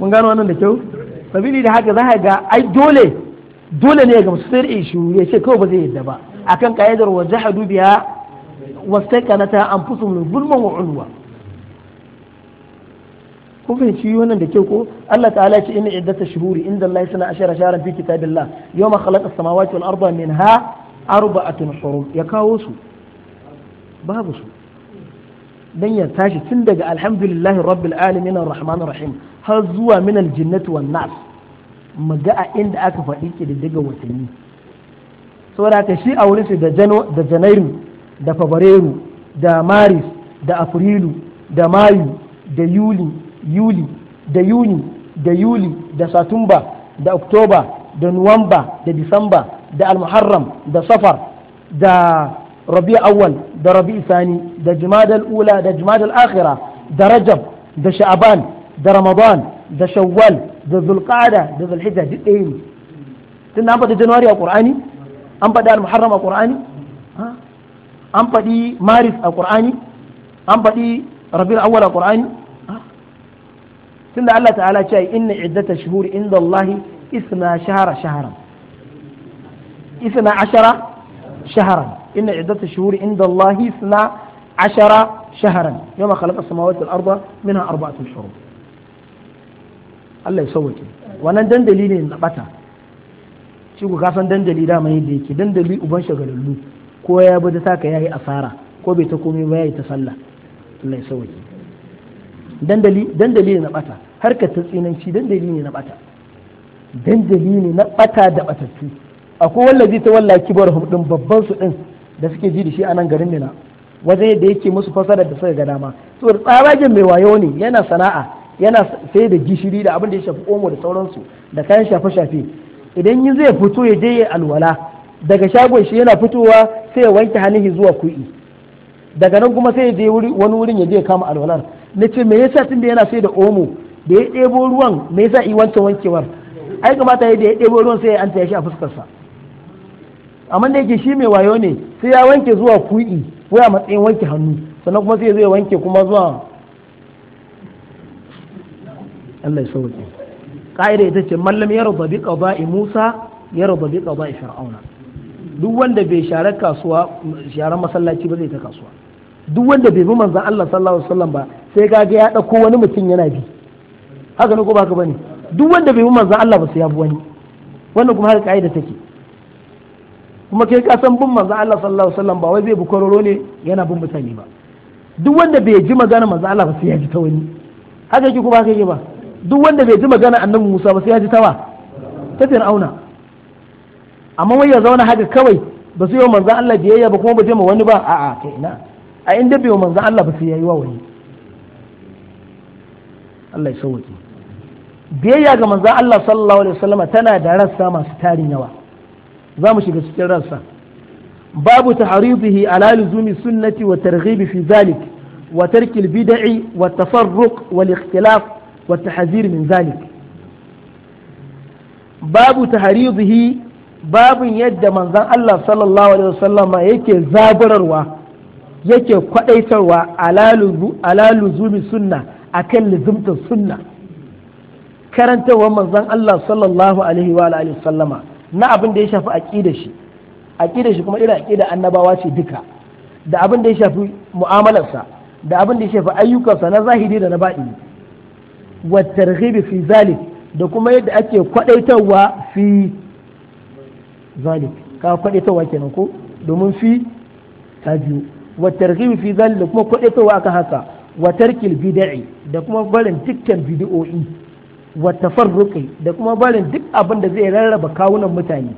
mun gano wannan da kyau sabili da haka za ga ai dole dole ne ga musu sai shiru ya ce kawai ba zai yadda ba akan ka'idar wa jahadu an wastaqanata anfusuhum gulman wa ulwa kun fahimci wannan da kyau ko Allah ta'ala ya ce inna iddata shuhuri inda Allah sana ashara sharan fi kitabillah yawma khalaqa as-samawati wal arda minha arba'atun hurum ya kawo su babu su dan ya tashi tun daga alhamdulillahi rabbil alamin arrahmanir rahim har zuwa min al-jinnati wan nas mu ga a inda aka faɗi daga watanni saboda ka shi a wurin da janairu da fabrairu da maris da afrilu da mayu da yuli yuli da yuni da yuli da satumba da oktoba da nuwamba da disamba da almuharram da safar da rabi awwal da rabi sani da jimadal ula da jimadal akhira da rajab da sha'aban da ramadan da shawwal da zulqa'ada da zulhijja duk ɗaya ne tun an faɗi januwari a qur'ani an faɗi al-muharram a qur'ani an faɗi maris a qur'ani an faɗi rabiul awwal a qur'ani tunda Allah ta'ala ce inna iddata shuhur inda Allah isna shahara shaharan isna ashara shaharan inna iddata shuhur inda Allah isna ashara shaharan yawma khalaqa samawati wal arda minha arba'atun shuhur Allah ya sauke wannan dandali ne na bata shi ku kasan dandali da mai da yake dandali uban shagalallu ko ya bi da taka yayi asara ko bai ta komai ba yayi ta sallah Allah ya sauke dandali dandali ne na bata harkar ta tsinanci dandali ne na bata dandali ne na bata da batattu akwai wallazi ta wallaki kibar hudun babban su din da suke ji da shi a nan garin na wajen yadda yake musu fasara da suka ga dama saboda tsabagen mai wayo ne yana sana'a yana sai da gishiri da abin da ya shafi omo da sauransu da kayan shafe-shafe idan yin zai fito ya je ya alwala daga shagon shi yana fitowa sai ya wanke hannun zuwa kuɗi daga nan kuma sai ya je wani wurin ya je ya kama alwalar na ce me yasa tunda yana sai da omo da ya ɗebo ruwan me yasa yi wancan wankewar ai kamata ya da ya ɗebo ruwan sai ya anta ya shi a fuskarsa amma da yake shi mai wayo ne sai ya wanke zuwa kuɗi ko ya matsayin wanke hannu sannan kuma sai ya zo ya wanke kuma zuwa Allah ya sauke ka'ida ita ce mallam ya rubabi qada'i Musa ya rubabi qada'i Fir'auna duk wanda bai share kasuwa share masallaci ba zai ta kasuwa duk wanda bai bi manzon Allah sallallahu alaihi wasallam ba sai kaga ya dauko wani mutum yana bi haka ne ko baka bane duk wanda bai bi manzon Allah ba sai ya bi wani wannan kuma haka ka'ida take kuma kai ka san bin manzon Allah sallallahu alaihi wasallam ba wai zai bi kororo ne yana bin mutane ba duk wanda bai ji magana manzon Allah ba sai ya ji ta wani haka ki kuma haka ke ba duk wanda bai ji magana annabi Musa ba sai ya ji tawa ta Fir'auna amma wai ya zauna haka kawai ba su yi wa manzan Allah biyayya ba kuma ba ma wani ba a'a kai ina a inda bai wa manzan Allah ba sai yayi wa wani Allah ya sauke biyayya ga manzan Allah sallallahu alaihi wasallam tana da rassa masu tari nawa, za mu shiga cikin rassa babu tahridihi ala luzumi sunnati wa targhibi fi zalik wa tarkil bid'i wa tafarruq wal ikhtilaf wa tahzir min zalik babu tahridihi babin yadda manzon Allah sallallahu alaihi wasallama yake zaburarwa yake kwadaitarwa ala luzumi sunna akan luzumtar sunna karantarwa manzon Allah sallallahu alaihi wa alihi na abin da ya shafi aqidar shi aqidar shi kuma irin aqidar annabawa ce duka da abin da ya shafi mu'amalarsa da abin da ya shafi ayyukansa na zahiri da na baɗini wa targhib fi zalik da kuma yadda ake kwadaitarwa fi zalik ka kwadaitarwa kenan ko domin fi ta biyu wa fi zalik da kuma kwadaitarwa aka haka wa bid'i da kuma barin dukkan bid'o'i wa tafarruqi da kuma barin duk abin da zai rarraba kawunan mutane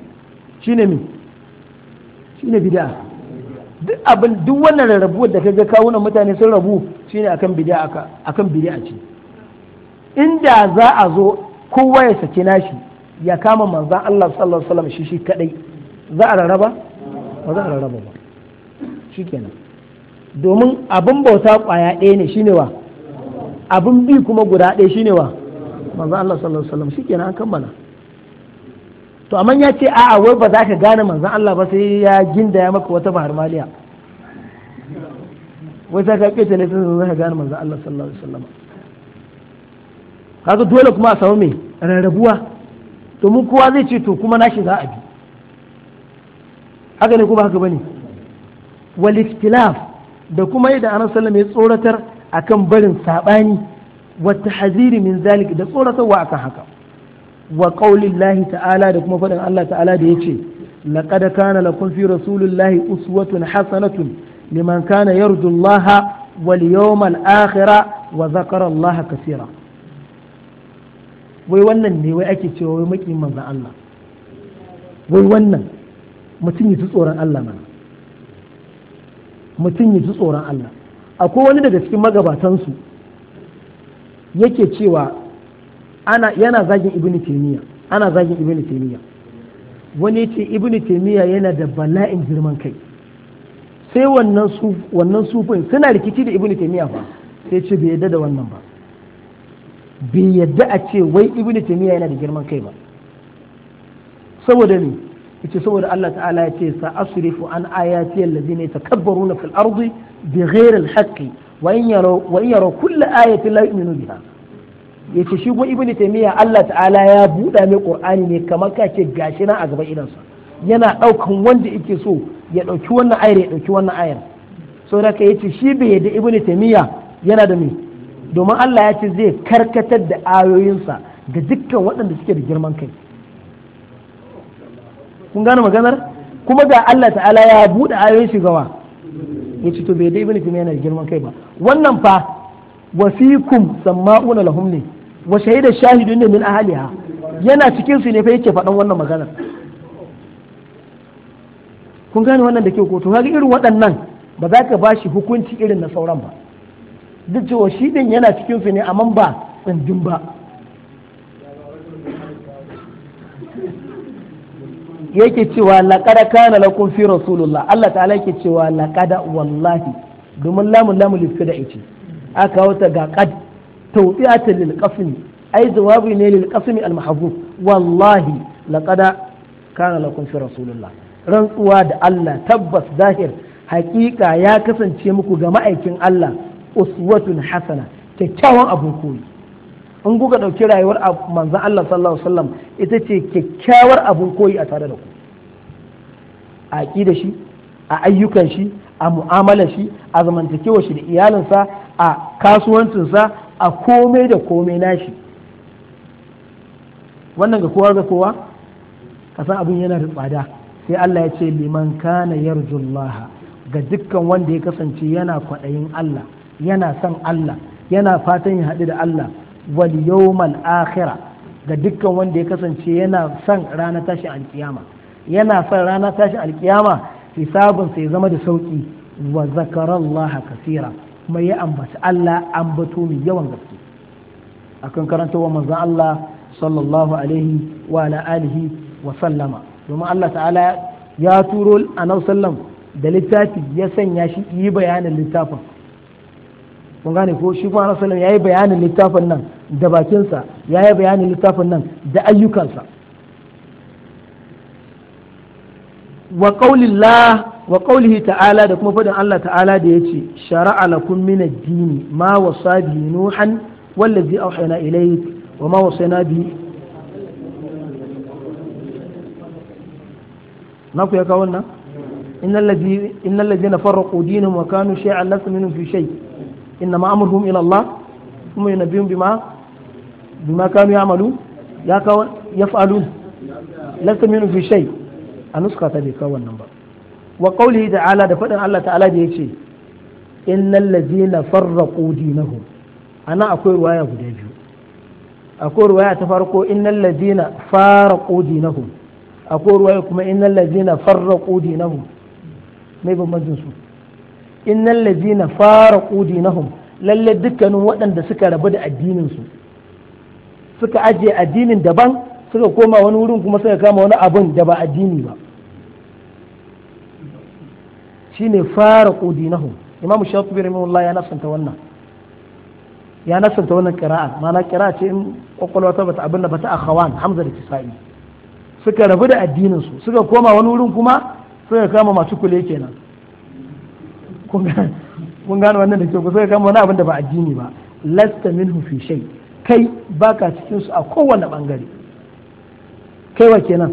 shine me shine bid'a duk abin duk wannan rarrabuwar da kaga kawunan mutane sun rabu shine akan bid'a akan bid'a ce inda za a zo kowa ya saki nashi ya kama manzan Allah sallallahu alaihi wasallam shi shi kadai za a rarraba ba za a rarraba ba shikenan domin abin bauta kwaya ɗaya ne shine wa abin bi kuma guda ɗaya shine wa manzan Allah sallallahu alaihi wasallam shikenan an kammala to amma ya ce a'a wai ba za ka gane manzan Allah ba sai ya ginda ya maka wata baharmaliya wai sai ka kace ne sai ka gane manzan Allah sallallahu alaihi wasallam kaga dole kuma a samu mai rarrabuwa to mu kowa zai ce to kuma nashi za a bi haka ne ko ba haka bane wal ikhtilaf da kuma yadda annabi sallallahu ya tsoratar akan barin sabani wa tahziri min zalik da tsoratarwa akan haka wa qaulillahi ta'ala da kuma faɗin Allah ta'ala da yace laqad kana lakum fi rasulillahi uswatun hasanatun liman kana yarju Allah wal yawmal akhira wa zakara Allah wai wannan ne wai ake cewa wai makin manzan Allah wai wannan mutum yi tsoron Allah mana mutum yi tsoron Allah akwai wani daga cikin magabatansu yake cewa ana yana zagin ibnu taymiya ana zagin ibnu taymiya wani ce ibnu taymiya yana da bala'in girman kai sai wannan sufin suna rikici da ibnu taymiya fa sai ce bai yadda da wannan ba bai yadda a ce wai ibnu taymiya yana da girman kai ba saboda ne yace saboda Allah ta'ala ya ce sa asrifu an ayati allazina yatakabbaruna fil ardi bighayri al haqqi wa in yaraw wa in yaraw kull ayati la yu'minu biha yace shi kuma ibnu taymiya Allah ta'ala ya buɗa mai qur'ani ne kamar kace gashi na a gaban idansa yana daukan wanda yake so ya dauki wannan ayar ya dauki wannan ayar saboda ka yace shi bai yadda ibnu taymiya yana da mai domin Allah ya ce zai karkatar da ayoyinsa ga dukkan waɗanda suke da girman kai kun gane maganar kuma ga Allah ta'ala ya buɗe ayoyin shugaba gawa ya ce to bai dai bane kuma yana da girman kai ba wannan fa wasikum sama'una lahum ne wa shahida shahidun ne min ahliha yana cikin su ne fa yake faɗan wannan maganar kun gane wannan da ke ko to kaga irin waɗannan ba za ka bashi hukunci irin na sauran ba duk cewa shi din yana cikin su ne amma ba tsindin ba yake cewa laqad kana lakum fi rasulullah Allah ta'ala yake cewa laqad wallahi domin lamun lamun lifida ce aka wata ga qad tawdi'atan lil qasmi ai jawabi ne lil qasmi al mahfuz wallahi laqad kana lakum fi rasulullah rantsuwa da Allah tabbas zahir hakika ya kasance muku ga ma'aikin Allah uswatun hasana kyakkyawan abin koyi an guga ɗauki rayuwar manzan Allah sallallahu alaihi wasallam ita ce kyakkyawar abin koyi a tare da ku a aƙida shi a ayyukan shi a mu'amalar shi a zamantakewar shi da iyalinsa a kasuwancinsa a komai da komai nashi wannan ga kowa ga kowa kasan abin yana da tsada sai Allah ya ce liman kana yarjullaha ga dukkan wanda ya kasance yana kwaɗayin Allah yana son Allah yana fatan ya haɗu da Allah wal yawmal akhira ga dukkan wanda ya kasance yana son rana tashi alkiyama yana son rana tashi alkiyama hisabin sai zama da sauki wa zakarallaha kasira kuma ya ambaci Allah ambato mai yawan gaske akan karantawa manzon Allah sallallahu alaihi wa ala alihi wa sallama domin Allah ta'ala ya turo annabi sallam da littafi ya sanya shi yi bayanin littafin kun gane ko shi kuma sallam ya yi bayanin littafin nan da bakinsa ya yi bayanin littafin nan da ayyukansa wa qaulillah wa qaulihi ta'ala da kuma fadin Allah ta'ala da yace shara'a lakum min ad-din ma wasa bi nuhan wallazi awhayna ilayk wa ma wasayna bi na ku ya kawo wannan innal ladina farraqu dinahum wa kanu shay'an lasu minhum fi shay' inna ma amruhum ila Allah kuma yunabbihum bima bima kanu ya'malu ya kawo yaf'alun lasta minhu fi shay a nuska ta bai kawo wannan ba wa qawlihi ta'ala da fadin Allah ta'ala da yace innal ladzina farraqu dinahum ana akwai ruwaya guda biyu akwai ruwaya ta farko innal ladzina farraqu dinahum akwai ruwaya kuma innal ladzina farraqu dinahum su innal ladina faraqu dinahum lalle dukkanin waɗanda suka rabu da addinin su suka aje addinin daban suka koma wani wurin kuma suka kama wani abun da ba addini ba shine faraqu dinahum imam shafi'i rahimahullah ya nasanta wannan ya nasanta wannan qira'a mana qira'a ce in kokolwa ta bata abinda bata akhawan hamza da kisa'i suka rabu da addinin su suka koma wani wurin kuma suka kama masu kule kenan kun gano wannan da kyau ku sai kama wani abin da ba addini ba lasta minhu fi shay kai baka cikin su a kowane bangare kai wa kenan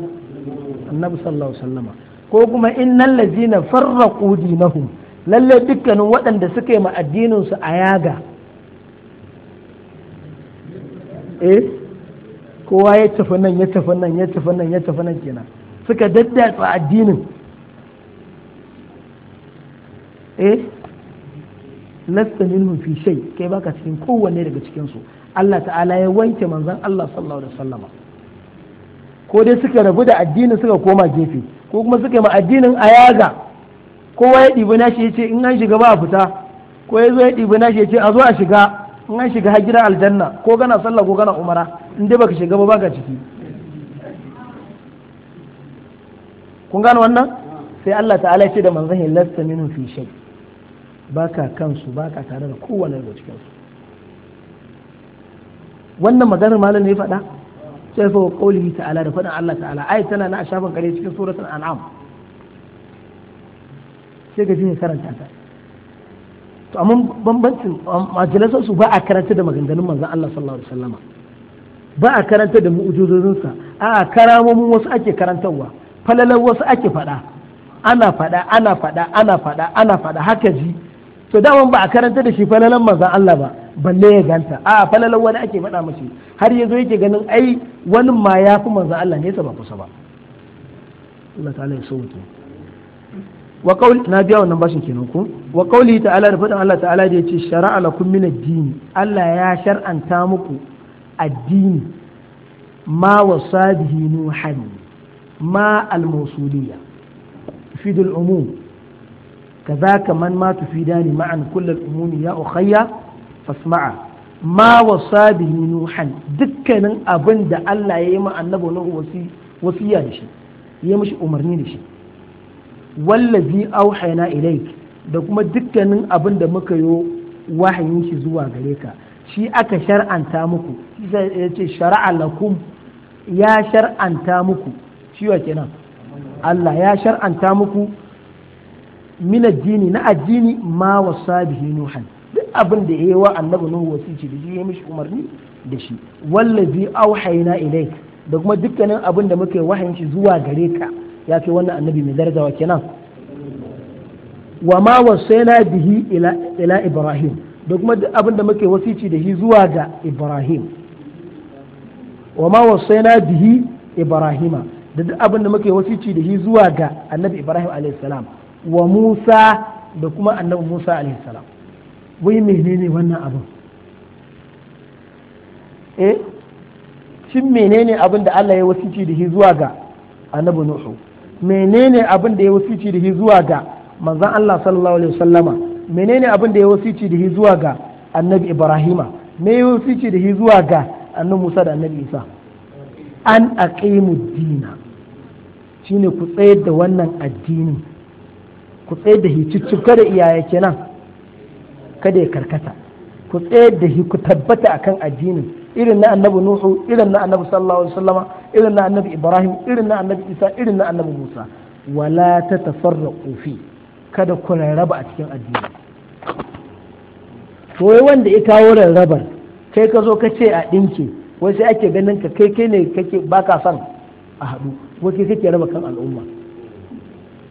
annabi sallallahu alaihi wasallama ko kuma innal ladzina farraqu dinahum lalle dukkanin waɗanda suka yi ma addinin su a yaga eh kowa ya tafi nan ya tafi nan ya tafi nan ya tafi nan kenan suka daddatsa addinin eh lasta minhum fi shay kai baka cikin kowanne daga cikin su Allah ta'ala ya wanke manzon Allah sallallahu alaihi wasallama ko dai suka rabu da addinin suka koma gefe ko kuma suka yi ma addinin ayaga kowa ya dibi nashi ya ce in an shiga ba a fita ko ya zo ya dibi nashi ya ce a zo a shiga in an shiga har gidan aljanna ko kana sallah ko kana umara in dai baka shiga ba baka ciki kun gane wannan sai Allah ta'ala ya ce da manzon lasta minhum fi shay baka kansu baka tare da kowane daga cikinsu wannan maganar malam ne faɗa sai fa qaulihi ta'ala da faɗin Allah ta'ala ai tana na shafin kare cikin suratul an'am sai ka jini karanta ta to amma bambancin majalisar su ba a karanta da maganganun manzon Allah sallallahu alaihi wasallama ba a karanta da sa a karamomin wasu ake karantarwa falalar wasu ake faɗa ana faɗa ana faɗa ana faɗa ana faɗa haka ji to daman ba a karanta da shi falalan manzon Allah ba balle ya ganta a falalan wani ake faɗa mashi har yanzu yake ganin ai wani ma ya fi manzan Allah ne ba kusa ba Allah ta'ala ya sauke wa qauli na biya wannan bashin kenan ku, wa qauli ta'ala da faɗin Allah ta'ala da yace shar'a lakum min ad-din Allah ya shar'anta muku addini ma wasabihi nuhan ma al-mawsuliyya fi al-umum Da za ka man ma tufi da ni macin kulle kunu ya aukari Fasma'a. Ma wasu sabbin wani wuƙan. Dukkanin abinda Allah ya yi ma'anar wani wasu ya da shi, ya mashi umarni da shi. Wanne zin auhena Da kuma dukkanin abinda muka yi wahayin shi zuwa gare ka. Shi aka shar'anta muku. Shari'a laqum ya shar'anta muku. Shi yake nan. Allah ya shar'anta muku. min addini na addini ma wasa bihi nuhan duk abin da yayi wa annabi nuhu wasici da shi mishi umarni da shi wallazi auhayna ilayk da kuma dukkanin abin da muke wahayin shi zuwa gare ka ya kai wannan annabi mai daraja wa kenan wa ma wasaina bihi ila ila ibrahim da kuma abin da muke wasici da shi zuwa ga ibrahim wa ma wasaina bihi ibrahima da duk abin da muke wasici da shi zuwa ga annabi ibrahim alayhi salam wa Musa da kuma annabi Musa alaihi salam wai menene wannan abin eh shin menene abin da Allah ya wasici da shi zuwa ga annabi Nuhu menene abin da ya wasici da shi zuwa ga manzon Allah sallallahu alaihi wasallama menene abin da ya wasici da shi zuwa ga annabi Ibrahima me ya wasici da shi zuwa ga annabi Musa da annabi Isa an aqimu dina shine ku tsayar da wannan addinin. ku tsaye da hicicci kada iyaye kenan kada ya karkata ku tsaye da hi ku tabbata akan addinin irin na annabi nuhu irin na annabi sallallahu alaihi wasallama irin na annabi ibrahim irin na annabi isa irin na annabi musa wala ta tafarraqu fi kada ku raba a cikin addini to wanda ya kawo rarrabar kai ka zo ka ce a dinke wai sai ake ganin ka kai kai ne kake baka son a haɗu wai kai kake raba kan al'umma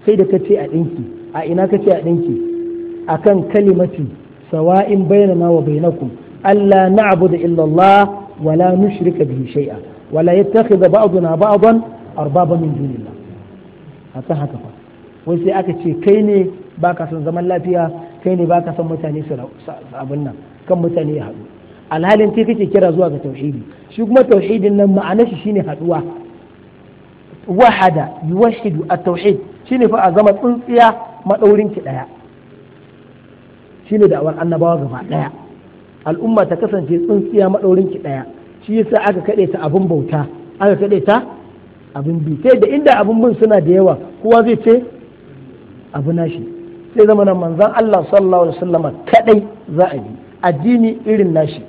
sai da ka ce a dinki a ina kace a ɗinki akan kalimati sawa'in bainana wa bainakum alla na'budu illa Allah wa la nushrika bihi shay'a wa la yattakhidha ba'duna ba'dan arbaba min dunillah haka haka fa wai sai aka ce kai ne baka son zaman lafiya kai ne baka son mutane su abin nan kan mutane ya haɗu alhalin kai kake kira zuwa ga tauhidi shi kuma tauhidin nan ma'anar shi shine haɗuwa wahada yuwashidu at-tauhid shine fa a zama tsintsiya maɗaurin ki ɗaya shine da'awar annabawa gaba ɗaya al'umma ta kasance tsintsiya maɗaurin ki ɗaya shi yasa aka kaɗe ta abin bauta aka kaɗe ta abin bi sai da inda abin bin suna da yawa kowa zai ce abu nashi sai zama nan manzon Allah sallallahu alaihi wasallam kadai za a bi addini irin nashi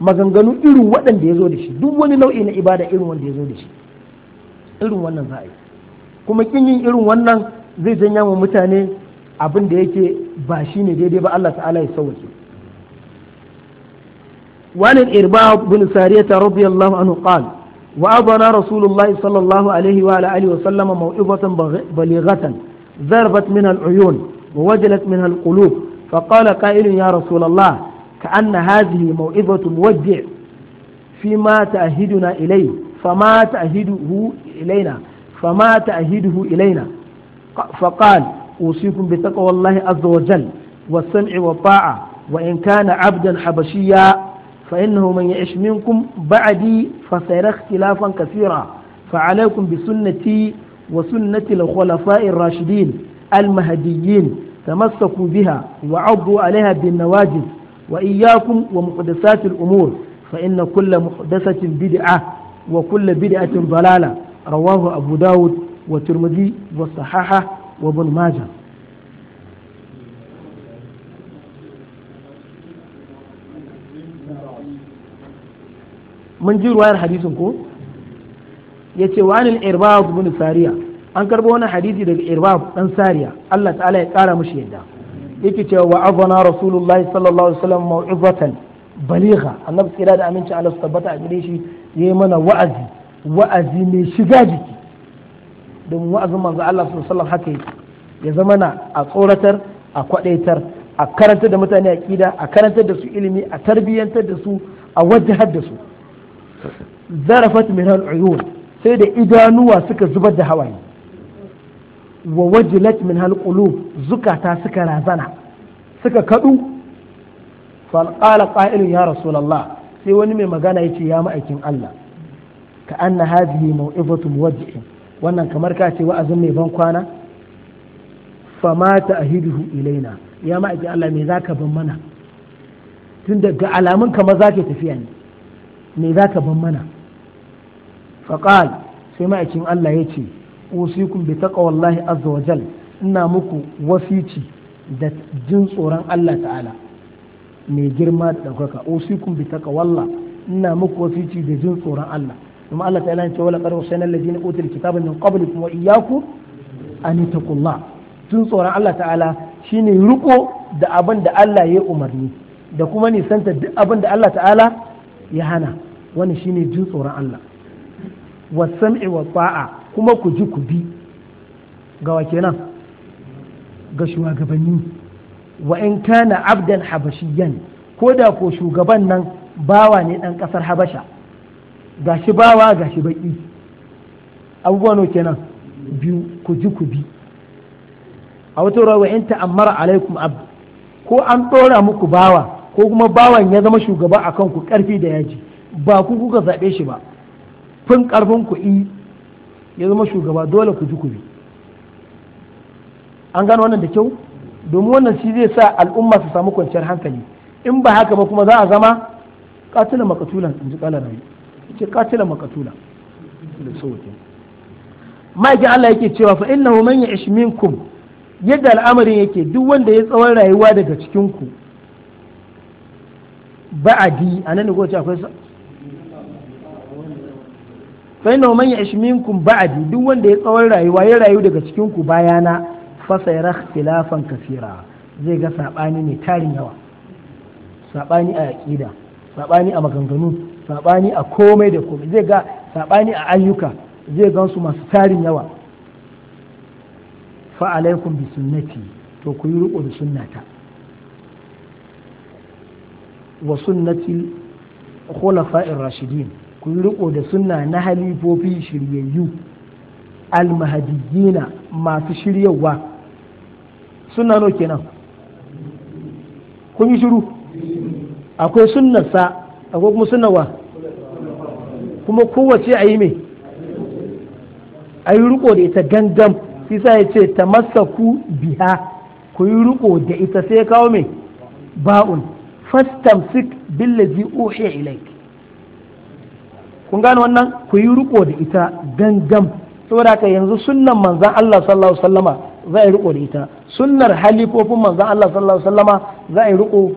maganganu irin waɗanda ya zo da shi duk wani nau'i na ibada irin wanda ya zo da shi irin wannan za a yi kuma kin yin irin wannan zai janya mu mutane abin da yake ba shi ne daidai ba Allah ta'ala ya sauke wani irba bin sariya ta rabbi Allah anhu qal wa abana rasulullahi sallallahu alaihi wa ala wa sallama maw'izatan balighatan zarbat min al'uyun wa wajalat min al'qulub فقال قائل يا رسول الله كأن هذه موعظة موجع فيما تأهدنا إليه فما تأهده إلينا فما تأهده إلينا فقال أوصيكم بتقوى الله عز وجل والسمع والطاعة وإن كان عبدا حبشيا فإنه من يعش منكم بعدي فسيرى اختلافا كثيرا فعليكم بسنتي وسنة الخلفاء الراشدين المهديين تمسكوا بها وعضوا عليها بالنواجذ وإياكم ومحدثات الأمور فإن كل محدثة بدعة وكل بدعة ضلالة رواه أبو داود وترمذي وصححه وابن ماجه mun ji ruwayar hadisin ko ya ce wa anil irbab bin sariya an karbo wani hadisi daga irbab dan sariya Allah ta'ala ya kara mushi yadda yake cewa wa azana rasulullahi sallallahu alaihi wasallam mau'izatan baligha annabi tsira da aminci Allah su tabbata a gare shi yi mana wa'azi wa'azi mai shiga jiki domin wa'azin manzo Allah sallallahu alaihi haka ya zama na a tsoratar a kwadaitar a karantar da mutane aqida a karantar da su ilimi a tarbiyyantar da su a wajahar da su zarafat min al-uyun sai da idanuwa suka zubar da hawaye wa wajilat min al-qulub zukata suka razana suka kadu fa qala qa'ilun ya rasulullah sai wani mai magana yace ya ma'aikin Allah ka anna hadhihi maw'izatu muwajjihin wannan kamar ka ce wa'azin mai ban kwana Fa famata ahiduhu ilaina ya ma aiki Allah me zaka ban mana tun daga alamun kamar zaka tafiya ne me zaka ban mana faqal sai ma ma'aikin Allah ya ce usikum bi taqwallahi azza wa jal ina muku wasici da jin tsoron Allah ta'ala mai girma da ɗaukaka usikum bi taqwallah ina muku wasici da jin tsoron Allah kuma Allah ta'ala ya ce wala qad wasayna allazina utul kitaba min qablikum wa iyyakum an taqullah tun tsoron Allah ta'ala shine riko da abin da Allah ya umarni da kuma nisanta duk abin da Allah ta'ala ya hana wannan shine jin tsoron Allah wa sam'i wa ta'a kuma ku ji ku bi ga wa kenan ga shugabanni wa in kana abdan habashiyan ko da ko shugaban nan bawa ne ɗan ƙasar habasha gashi bawa gashi baki abubuwa no kenan biyu ku ji ku bi a wata rawa in ta'ammara alaikum abu ko an ɗora muku bawa ko kuma bawan ya zama shugaba a kanku ƙarfi da yaji ba ku kuka zaɓe shi ba fin karfin ku ya zama shugaba dole ku ji ku bi an gano wannan da kyau domin wannan shi zai sa al'umma su samu kwanciyar hankali in ba haka ba kuma za a zama katula makatulan in ji ƙalar rayu ce katila makatula da sautin ma'aikin Allah yake cewa fa innahu man ya'ish minkum yadda al'amarin yake duk wanda ya tsawon rayuwa daga cikin ku ba'adi anan ne ko ce akwai fa innahu man ya'ish minkum ba'adi duk wanda ya tsawon rayuwa ya rayu daga cikin ku bayana fa sayara khilafan kafira zai ga sabani ne tarin yawa sabani a aqida sabani a maganganu saɓani a komai da komai zai ga saɓani a ayyuka zai gansu masu tarin yawa fa bi sunnati to ku yi riko da sunnata wa sunnati khulafa'ir rashidin ku yi riko da sunna na halifofi shiryayyu almahadiyyina masu shiryawa sunna no kenan kun yi shiru akwai sunnarsa akwai kuma sunnawa kuma kowace a yi mai a yi riko da ita gangan isa ya ce ta masaku biha ku yi riko da ita sai kawo mai ba'un sik billazi uhiya ilaik kun gane wannan ku yi riko da ita gangan saboda haka yanzu sunnan manzan Allah sallallahu alaihi wasallama za a yi riko da ita sunnar halifofin manzan Allah sallallahu alaihi wasallama za a yi riko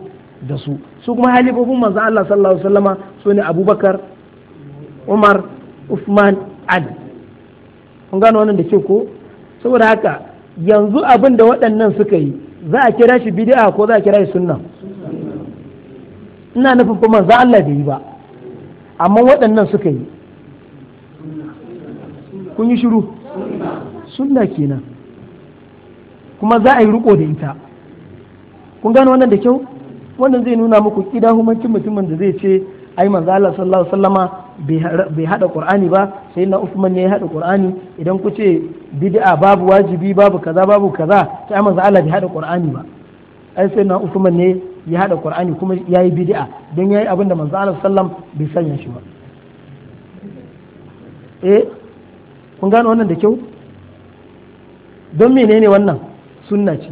da su su kuma halifofin manzan Allah sallallahu alaihi wasallama su ne Abubakar umar usman ali kun gano wannan da ke ko saboda haka yanzu abin da waɗannan suka yi za a kira shi bid'a ko za a kira shi sunna ina nufin kuma za Allah bai yi ba amma waɗannan suka yi kun yi shiru sunna kenan kuma za a yi riko da ita kun gano wannan da kyau wannan zai nuna muku kidahumancin mutumin da zai ce ai manzo Allah sallallahu alaihi wasallama bai hada qur'ani ba sai na Uthman ne ya hada qur'ani idan ku ce bid'a babu wajibi babu kaza babu kaza sai manzo Allah bai hada qur'ani ba ai sai na Uthman ne ya hada qur'ani kuma yayi bid'a dan yayi abin da manzo Allah sallam bai sanya shi ba eh kun gano wannan da kyau don menene wannan sunna ce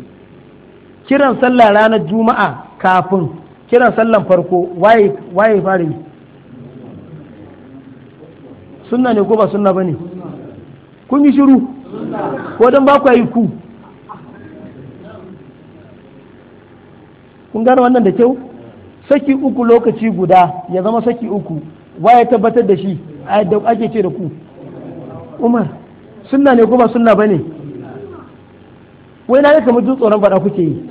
kiran sallah ranar juma'a kafin kiran sallan farko waye waye fara yi sunna ne ko ba sunna bane kun yi shiru ko dan ba ku yi ku kun gane wannan da kyau saki uku lokaci guda ya zama saki uku waye tabbatar da shi a yadda ake ce da ku umar sunna ne ko ba sunna bane wai na yi kamar duk tsoron bada kuke yi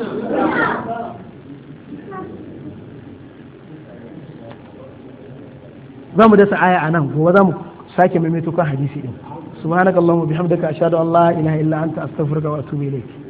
za mu dasa aya a nan gobe za mu sake maimaito kan hadisi din subhanakallahumma bihamdaka ashhadu an la ilaha illa anta astaghfiruka wa atubu ilayk